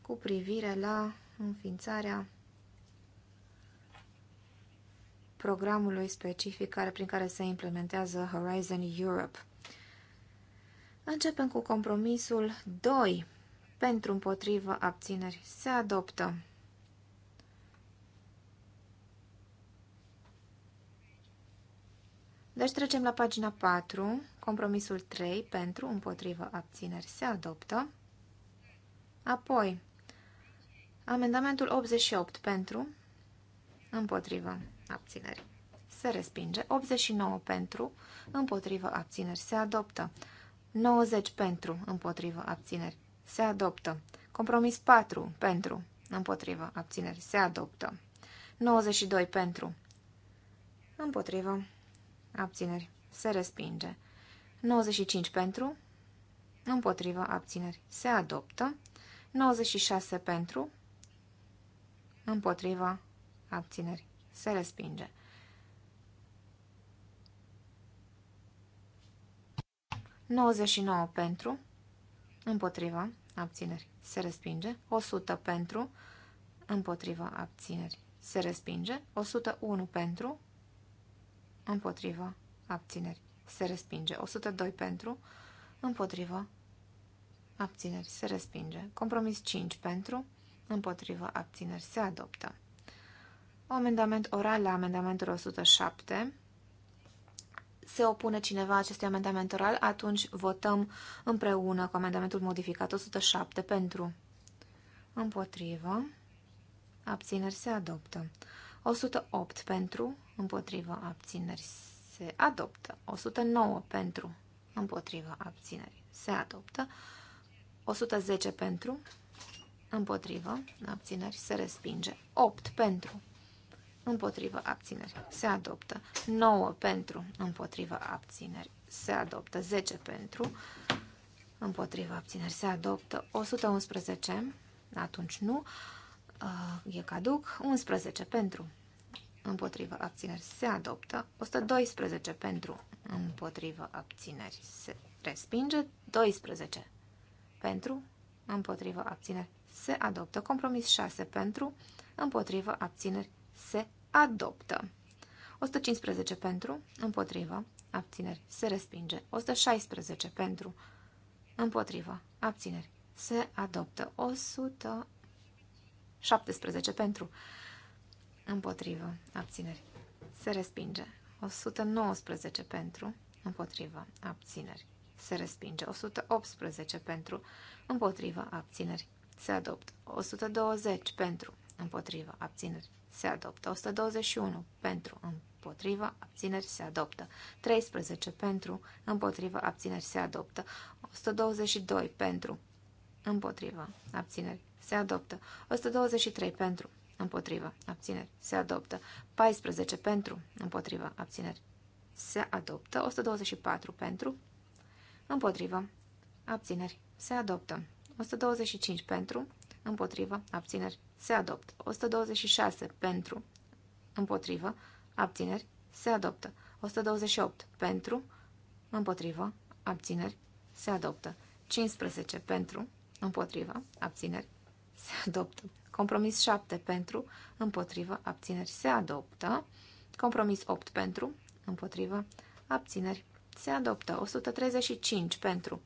cu privire la înființarea programului specific care, prin care se implementează Horizon Europe. Începem cu compromisul 2. Pentru împotrivă abțineri se adoptă. Deci trecem la pagina 4, compromisul 3, pentru, împotrivă, abțineri, se adoptă. Apoi, amendamentul 88, pentru, împotrivă, abțineri. Se respinge. 89 pentru, împotrivă, abțineri. Se adoptă. 90 pentru, împotrivă, abțineri. Se adoptă. Compromis 4 pentru, împotrivă, abțineri. Se adoptă. 92 pentru, împotrivă, abțineri. Se respinge. 95 pentru, împotrivă, abțineri. Se adoptă. 96 pentru, împotriva abțineri. Se respinge. ...99 pentru, împotriva, abțineri, se respinge, 100 pentru, împotriva, abțineri, se respinge, 101 pentru, împotriva, abțineri, se respinge, 102 pentru, împotriva, abțineri, se respinge, compromis 5 pentru, împotriva, abțineri, se adoptă. Amendament oral la amendamentul 107. Se opune cineva acestui amendament oral, atunci votăm împreună cu amendamentul modificat 107 pentru. Împotrivă. Abțineri se adoptă. 108 pentru. Împotrivă. Abțineri se adoptă. 109 pentru. Împotrivă. Abțineri se adoptă. 110 pentru. Împotrivă. Abțineri se respinge. 8 pentru împotrivă abțineri, se adoptă. 9 pentru, împotrivă abțineri, se adoptă. 10 pentru, împotrivă abțineri, se adoptă. 111, atunci nu, uh, e caduc. 11 pentru, împotrivă abțineri, se adoptă. 112 pentru, împotrivă abțineri, se respinge. 12 pentru, împotrivă abțineri, se adoptă. Compromis 6 pentru, împotrivă abțineri, se adoptă. 115 pentru, împotrivă, abțineri, se respinge. 116 pentru, împotrivă, abțineri, se adoptă. 117 pentru, împotrivă, abțineri, se respinge. 119 pentru, împotrivă, abțineri, se respinge. 118 pentru, împotrivă, abțineri, se adoptă. 120 pentru, împotrivă, abțineri, se adoptă. 121 pentru, împotrivă, abțineri, se adoptă. 13 pentru, împotrivă, abțineri, se adoptă. 122 pentru, împotrivă, abțineri, se adoptă. 123 pentru, împotrivă, abțineri, se adoptă. 14 pentru, împotrivă, abțineri, se adoptă. 124 pentru, împotrivă, abțineri, se adoptă. 125 pentru, împotrivă, abțineri, se adoptă. 126 pentru, împotrivă, abțineri, se adoptă. 128 pentru, împotrivă, abțineri, se adoptă. 15 pentru, împotrivă, abțineri, se adoptă. Compromis 7 pentru, împotrivă, abțineri, se adoptă. Compromis 8 pentru, împotrivă, abțineri, se adoptă. 135 pentru,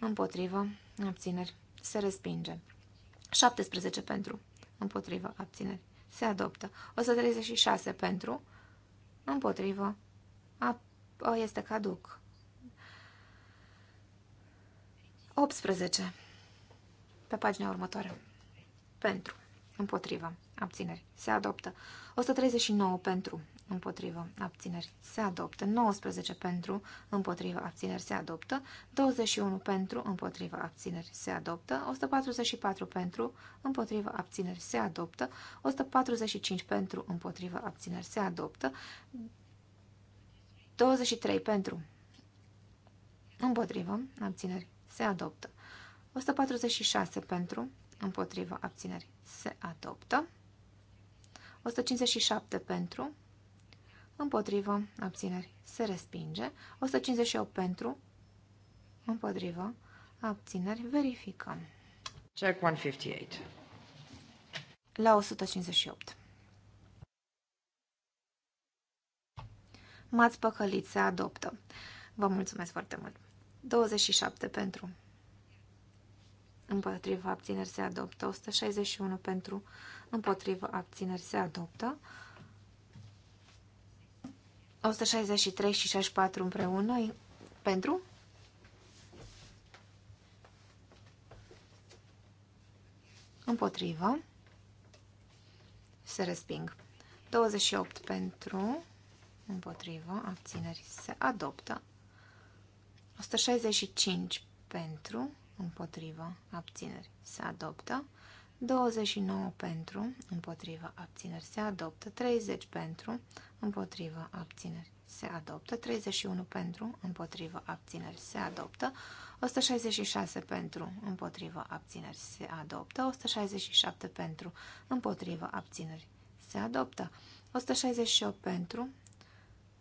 împotrivă, abțineri, se respinge. 17 pentru, împotrivă, abțineri, se adoptă. 136 pentru, împotrivă, a, a, este caduc. 18 pe pagina următoare. Pentru, împotrivă, abțineri, se adoptă. 139 pentru, împotrivă, abțineri, se adoptă. 19 pentru, împotrivă, abțineri, se adoptă. 21 pentru, împotrivă, abțineri, se adoptă. 144 pentru, împotrivă, abțineri, se adoptă. 145 pentru, împotrivă, abțineri, se adoptă. 23 pentru, împotrivă, abțineri, se adoptă. 146 pentru, împotrivă, abțineri, se adoptă. 157 pentru, împotrivă, abțineri, se respinge. 158 pentru, împotrivă, abțineri, verificăm. Check 158. La 158. M-ați păcălit, se adoptă. Vă mulțumesc foarte mult. 27 pentru. Împotriva abțineri se adoptă. 161 pentru. Împotriva abțineri se adoptă. 163 și 64 împreună pentru? Împotrivă. Se resping. 28 pentru. Împotrivă. Abțineri. Se adoptă. 165 pentru. Împotrivă. Abțineri. Se adoptă. 29 pentru, împotriva abțineri se adoptă, 30 pentru, împotriva abțineri se adoptă, 31 pentru, împotriva abțineri se adoptă, 166 pentru, împotriva abțineri se adoptă, 167 pentru, împotriva abțineri se adoptă, 168 pentru,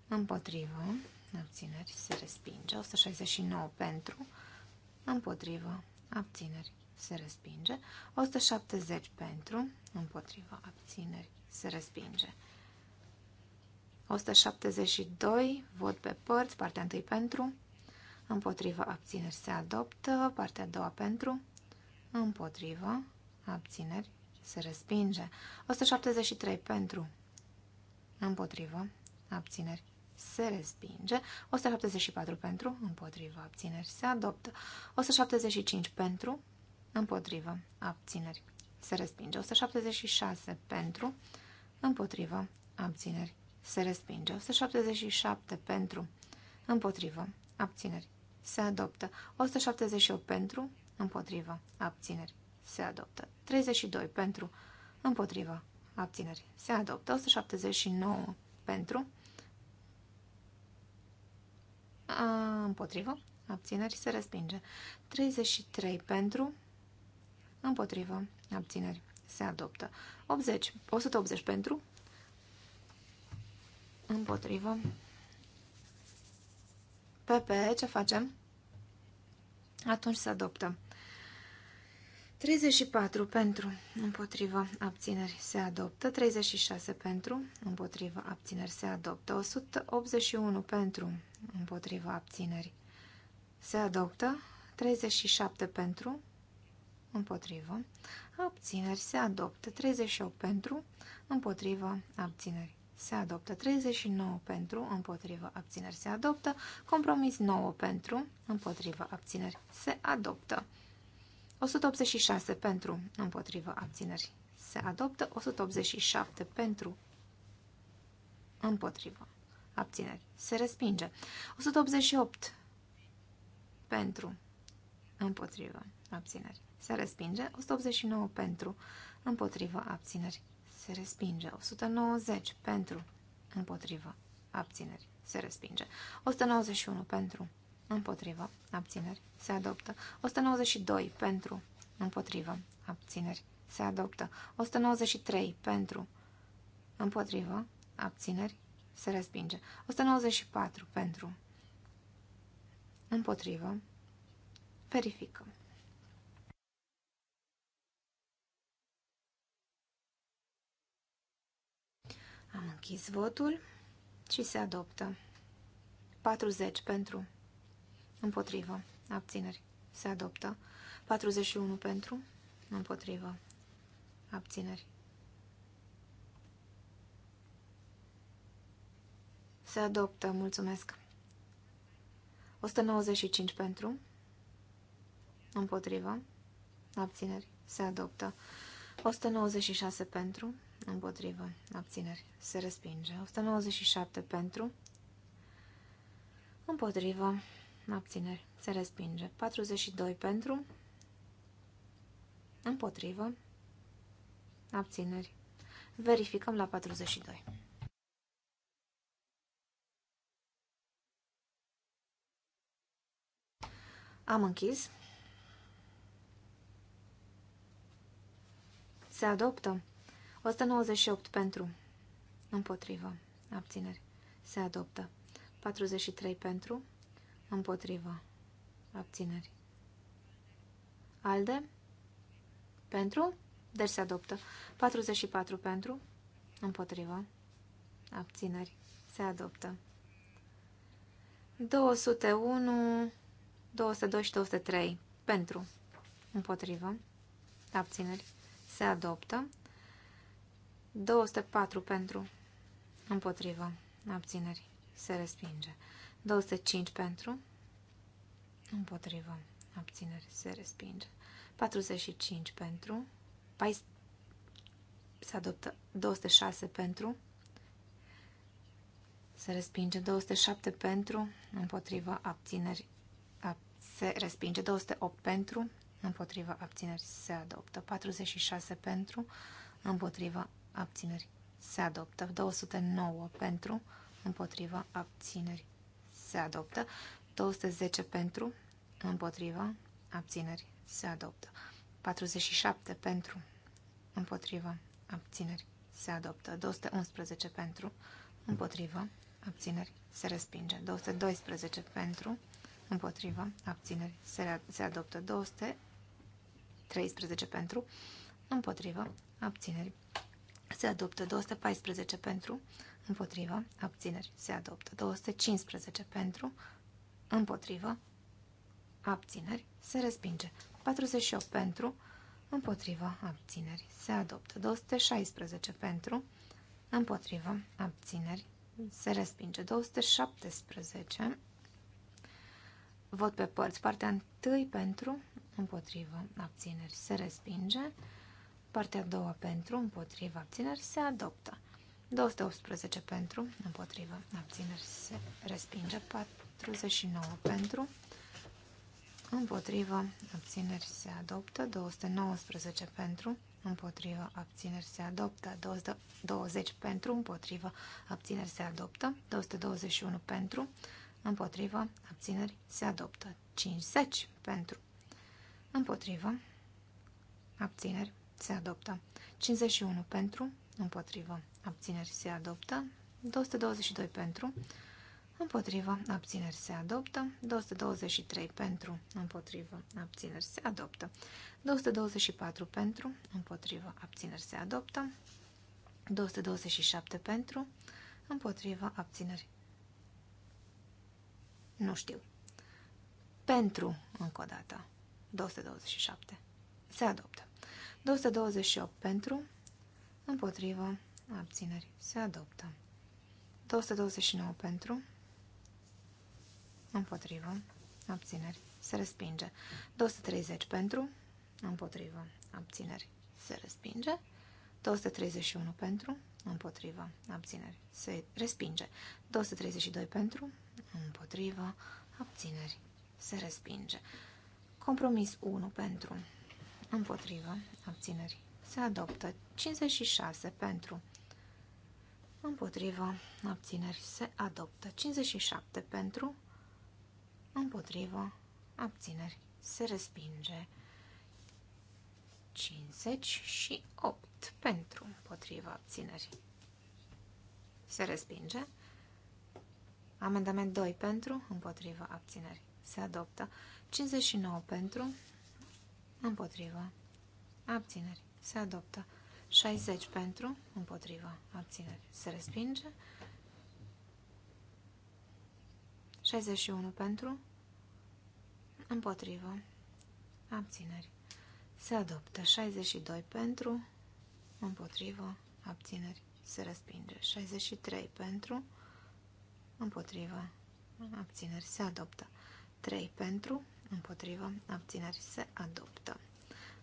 împotriva abțineri se respinge, 169 pentru, împotriva abțineri se respinge. 170 pentru, împotriva abțineri, se respinge. 172, vot pe părți, partea 1 pentru, împotriva abțineri se adoptă, partea a doua pentru, împotriva abțineri se respinge. 173 pentru, împotriva abțineri se respinge, 174 pentru, împotriva abțineri se adoptă, 175 pentru, împotrivă, abțineri, se respinge. 176 pentru, împotrivă, abțineri, se respinge. 177 pentru, împotrivă, abțineri, se adoptă. 178 pentru, împotrivă, abțineri, se adoptă. 32 pentru, împotrivă, abțineri, se adoptă. 179 pentru, împotrivă, abțineri, se respinge. 33 pentru, Împotrivă. Abțineri. Se adoptă. 80. 180 pentru. Împotrivă. PP, ce facem? Atunci se adoptă. 34 pentru, împotrivă, abțineri se adoptă, 36 pentru, împotrivă, abțineri se adoptă, 181 pentru, împotrivă, abțineri se adoptă, 37 pentru, împotrivă, abțineri se adoptă 38 pentru, împotrivă, abțineri se adoptă 39 pentru, împotrivă, abțineri se adoptă, compromis 9 pentru, împotrivă, abțineri se adoptă. 186 pentru, împotrivă, abțineri se adoptă, 187 pentru, împotrivă, abțineri se respinge, 188 pentru, împotrivă, abțineri se respinge, 189 pentru, împotrivă, abțineri, se respinge, 190 pentru, împotrivă, abțineri, se respinge, 191 pentru, împotrivă, abțineri, se adoptă, 192 pentru, împotrivă, abțineri, se adoptă, 193 pentru, împotrivă, abțineri, se respinge, 194 pentru, împotrivă, verificăm. Am închis votul și se adoptă. 40 pentru. Împotrivă. Abțineri. Se adoptă. 41 pentru. Împotrivă. Abțineri. Se adoptă. Mulțumesc. 195 pentru. Împotrivă. Abțineri. Se adoptă. 196 pentru împotrivă, abțineri, se respinge. 197 pentru, împotrivă, abțineri, se respinge. 42 pentru, împotrivă, abțineri. Verificăm la 42. Am închis. Se adoptă. 198 pentru. Împotrivă. Abțineri. Se adoptă. 43 pentru. Împotrivă. Abțineri. Alde. Pentru. Deci se adoptă. 44 pentru. Împotrivă. Abțineri. Se adoptă. 201, 202 și 203. Pentru. Împotrivă. Abțineri. Se adoptă. 204 pentru, împotrivă, abțineri, se respinge. 205 pentru, împotrivă, abțineri, se respinge. 45 pentru, 14, se adoptă 206 pentru, se respinge 207 pentru, împotrivă, abțineri, ab, se respinge 208 pentru, împotrivă, abțineri, se adoptă 46 pentru, împotrivă, abțineri, se adoptă. 209 pentru, împotriva, abțineri, se adoptă. 210 pentru, împotriva, abțineri, se adoptă. 47 pentru, împotriva, abțineri, se adoptă. 211 pentru, împotriva, abțineri, se respinge. 212 pentru, împotriva, abțineri, se, se adoptă. 213 pentru, împotriva, abțineri, se adoptă 214 pentru, împotrivă, abțineri, se adoptă 215 pentru, împotrivă, abțineri, se respinge 48 pentru, împotrivă, abțineri, se adoptă 216 pentru, împotrivă, abțineri, se respinge 217 Vot pe părți. Partea întâi pentru, împotrivă, abțineri, se respinge. Partea a doua pentru, împotriva, abțineri se adoptă. 218 pentru, împotriva, abțineri se respinge. 49 pentru, împotriva, abțineri se adoptă. 219 pentru, împotriva, abțineri se adoptă. 220 pentru, împotriva, abțineri se adoptă. 221 pentru, împotriva, abțineri se adoptă. 50 pentru, împotriva, abțineri se adoptă. 51 pentru, împotrivă, abțineri se adoptă. 222 pentru, împotrivă, abțineri se adoptă. 223 pentru, împotrivă, abțineri se adoptă. 224 pentru, împotrivă, abțineri se adoptă. 227 pentru, împotrivă, abțineri. Nu știu. Pentru, încă o dată, 227. Se adoptă. 228 pentru, împotrivă, abțineri, se adoptă. 229 pentru, împotrivă, abțineri, se respinge. 230 pentru, împotrivă, abțineri, se respinge. 231 pentru, împotrivă, abțineri, se respinge. 232 pentru, împotrivă, abțineri, se respinge. Compromis 1 pentru, Împotrivă. Abțineri. Se adoptă. 56 pentru. Împotrivă. Abțineri. Se adoptă. 57 pentru. Împotrivă. Abțineri. Se respinge. 58 pentru Împotrivă. abțineri. Se respinge. Amendament 2 pentru Împotrivă. abțineri. Se adoptă. 59 pentru împotrivă, abțineri, se adoptă. 60 pentru, împotrivă, abțineri, se respinge. 61 pentru, împotrivă, abțineri, se adoptă. 62 pentru, împotrivă, abțineri, se respinge. 63 pentru, împotrivă, abțineri, se adoptă. 3 pentru, împotrivă, abțineri se adoptă.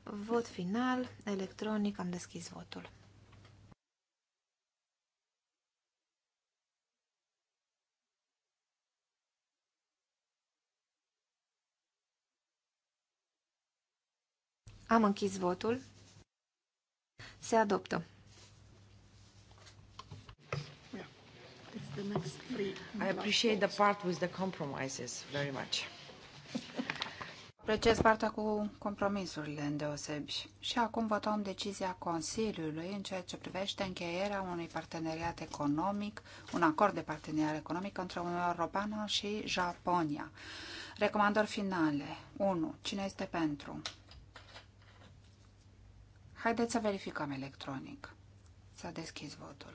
Vot final, electronic, am deschis votul. Am închis votul. Se adoptă. I appreciate the part with the compromises very much. Apreciez partea cu compromisurile îndeosebi și acum votăm decizia Consiliului în ceea ce privește încheierea unui parteneriat economic, un acord de parteneriat economic între Uniunea Europeană și Japonia. Recomandări finale. 1. Cine este pentru? Haideți să verificăm electronic. S-a deschis votul.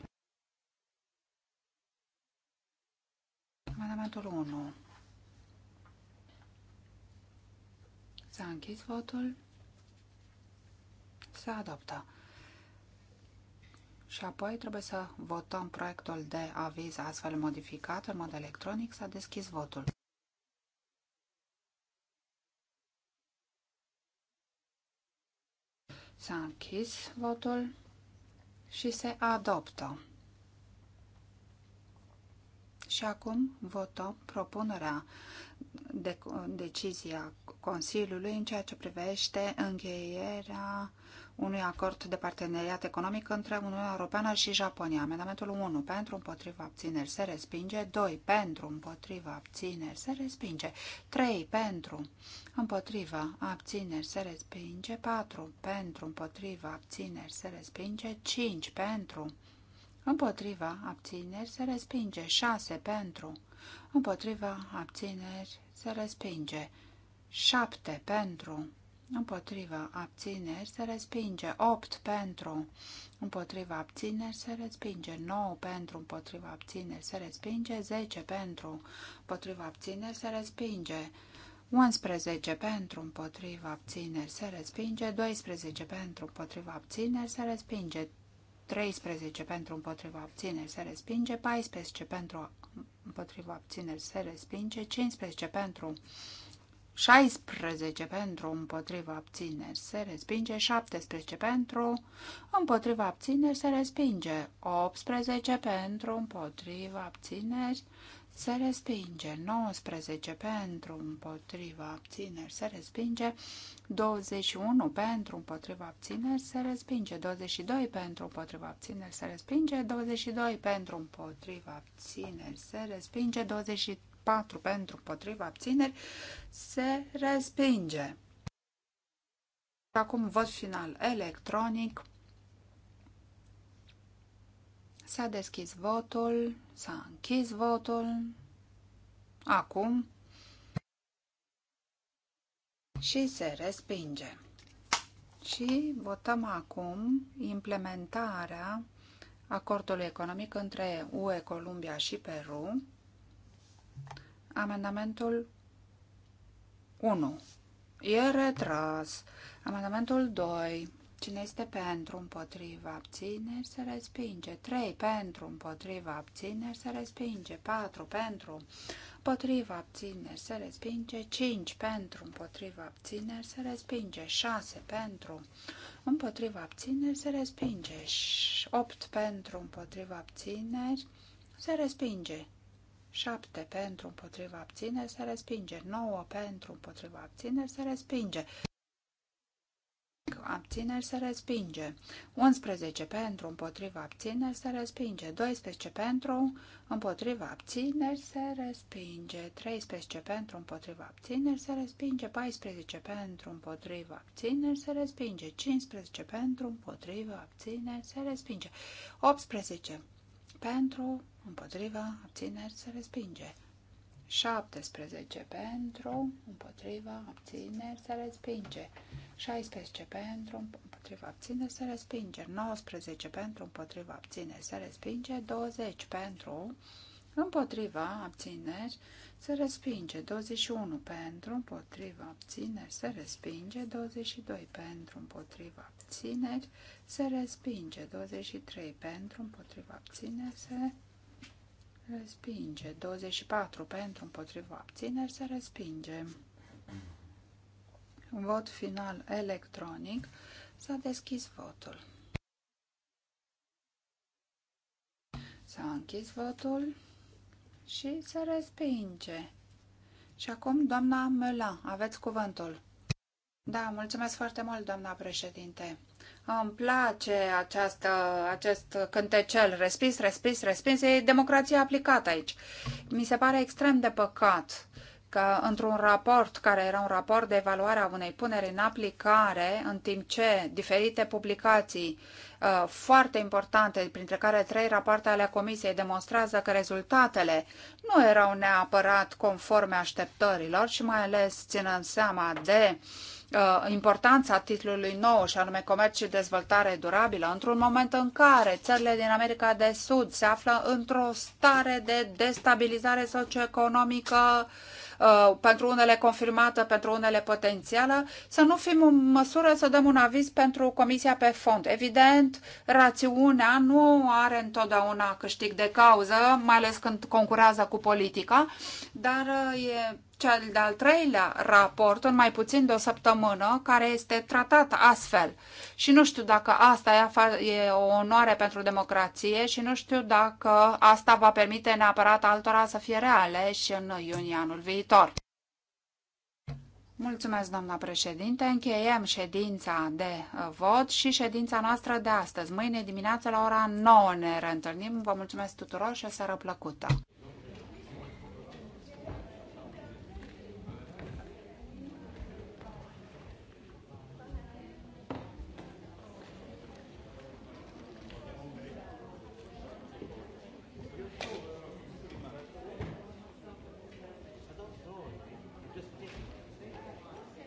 Amendamentul 1. S-a închis votul. Se adoptă. Și apoi trebuie să votăm proiectul de aviz astfel modificat în mod electronic. S-a deschis votul. S-a închis votul și se adoptă. Și acum votăm propunerea de decizia Consiliului în ceea ce privește încheierea unui acord de parteneriat economic între Uniunea Europeană și Japonia. Amendamentul 1 pentru împotriva abțineri se respinge, 2 pentru împotriva abțineri se respinge, 3 pentru împotriva abțineri se respinge, 4 pentru împotriva abțineri se respinge, 5 pentru împotriva abțineri se respinge. 6 pentru, împotriva abțineri se respinge. 7 pentru, împotriva abțineri se respinge. 8 pentru, împotriva abțineri se respinge. 9 pentru, împotriva abțineri se respinge. 10 pentru, împotriva abțineri se respinge. 11 pentru împotriva abțineri se respinge, 12 pentru împotriva abțineri se respinge, 13 pentru împotriva abțineri se respinge, 14 pentru împotriva abțineri se respinge, 15 pentru 16 pentru împotriva abțineri se respinge, 17 pentru împotriva abțineri se respinge, 18 pentru împotriva abțineri se respinge. 19 pentru, împotriva, abțineri, se respinge. 21 pentru, împotriva, abțineri, se respinge. 22 pentru, împotriva, abțineri, se respinge. 22 pentru, împotriva, abțineri, se respinge. 24 pentru, împotriva, abțineri, se respinge. Acum vot final electronic. S-a deschis votul, s-a închis votul. Acum. Și se respinge. Și votăm acum implementarea acordului economic între UE, Columbia și Peru. Amendamentul 1. E retras. Amendamentul 2. Cine este pentru, împotriva, abțineri, se respinge. 3. Pentru, împotriva, abțineri, se respinge. 4. Pentru, împotriva, abțineri, se respinge. 5. Pentru, împotriva, abțineri, se respinge. 6. Pentru, împotriva, abțineri, se respinge. 8. Pentru, împotriva, abțineri, se respinge. 7 pentru împotriva abțineri se respinge, 9 pentru împotriva abțineri se respinge abțineri se respinge. 11 pentru, împotriva abțineri se respinge. 12 pentru, împotriva abțineri se respinge. 13 pentru, împotriva abțineri se respinge. 14 pentru, împotriva abțineri se respinge. 15 pentru, împotriva abțineri se respinge. 18 pentru, împotriva abțineri se respinge. 17 pentru, împotriva, abțineri, se respinge. 16 pentru, împotriva, abțineri, se respinge. 19 pentru, împotriva, abțineri, se respinge. 20 pentru, împotriva, abțineri, se respinge. 21 pentru, împotriva, abțineri, se respinge. 22 pentru, împotriva, abțineri, se respinge. 23 pentru, împotriva, abțineri, se respinge respinge. 24 pentru împotriva abțineri se respinge. Vot final electronic. S-a deschis votul. S-a închis votul și se respinge. Și acum, doamna Mela, aveți cuvântul. Da, mulțumesc foarte mult, doamna președinte. Îmi place această, acest cântecel, respins, respins, respins, e democrația aplicată aici. Mi se pare extrem de păcat că într-un raport care era un raport de evaluare a unei puneri în aplicare, în timp ce diferite publicații uh, foarte importante, printre care trei rapoarte ale Comisiei, demonstrează că rezultatele nu erau neapărat conforme așteptărilor și mai ales ținând seama de uh, Uh, importanța titlului nou, și anume comerț și dezvoltare durabilă, într-un moment în care țările din America de Sud se află într-o stare de destabilizare socioeconomică, uh, pentru unele confirmată, pentru unele potențială, să nu fim în măsură să dăm un aviz pentru Comisia pe fond. Evident, rațiunea nu are întotdeauna câștig de cauză, mai ales când concurează cu politica, dar uh, e cel de-al treilea raport în mai puțin de o săptămână, care este tratat astfel. Și nu știu dacă asta e o onoare pentru democrație și nu știu dacă asta va permite neapărat altora să fie reale și în iunie anul viitor. Mulțumesc, doamna președinte. Încheiem ședința de uh, vot și ședința noastră de astăzi. Mâine dimineață la ora 9 ne reîntâlnim. Vă mulțumesc tuturor și o seară plăcută!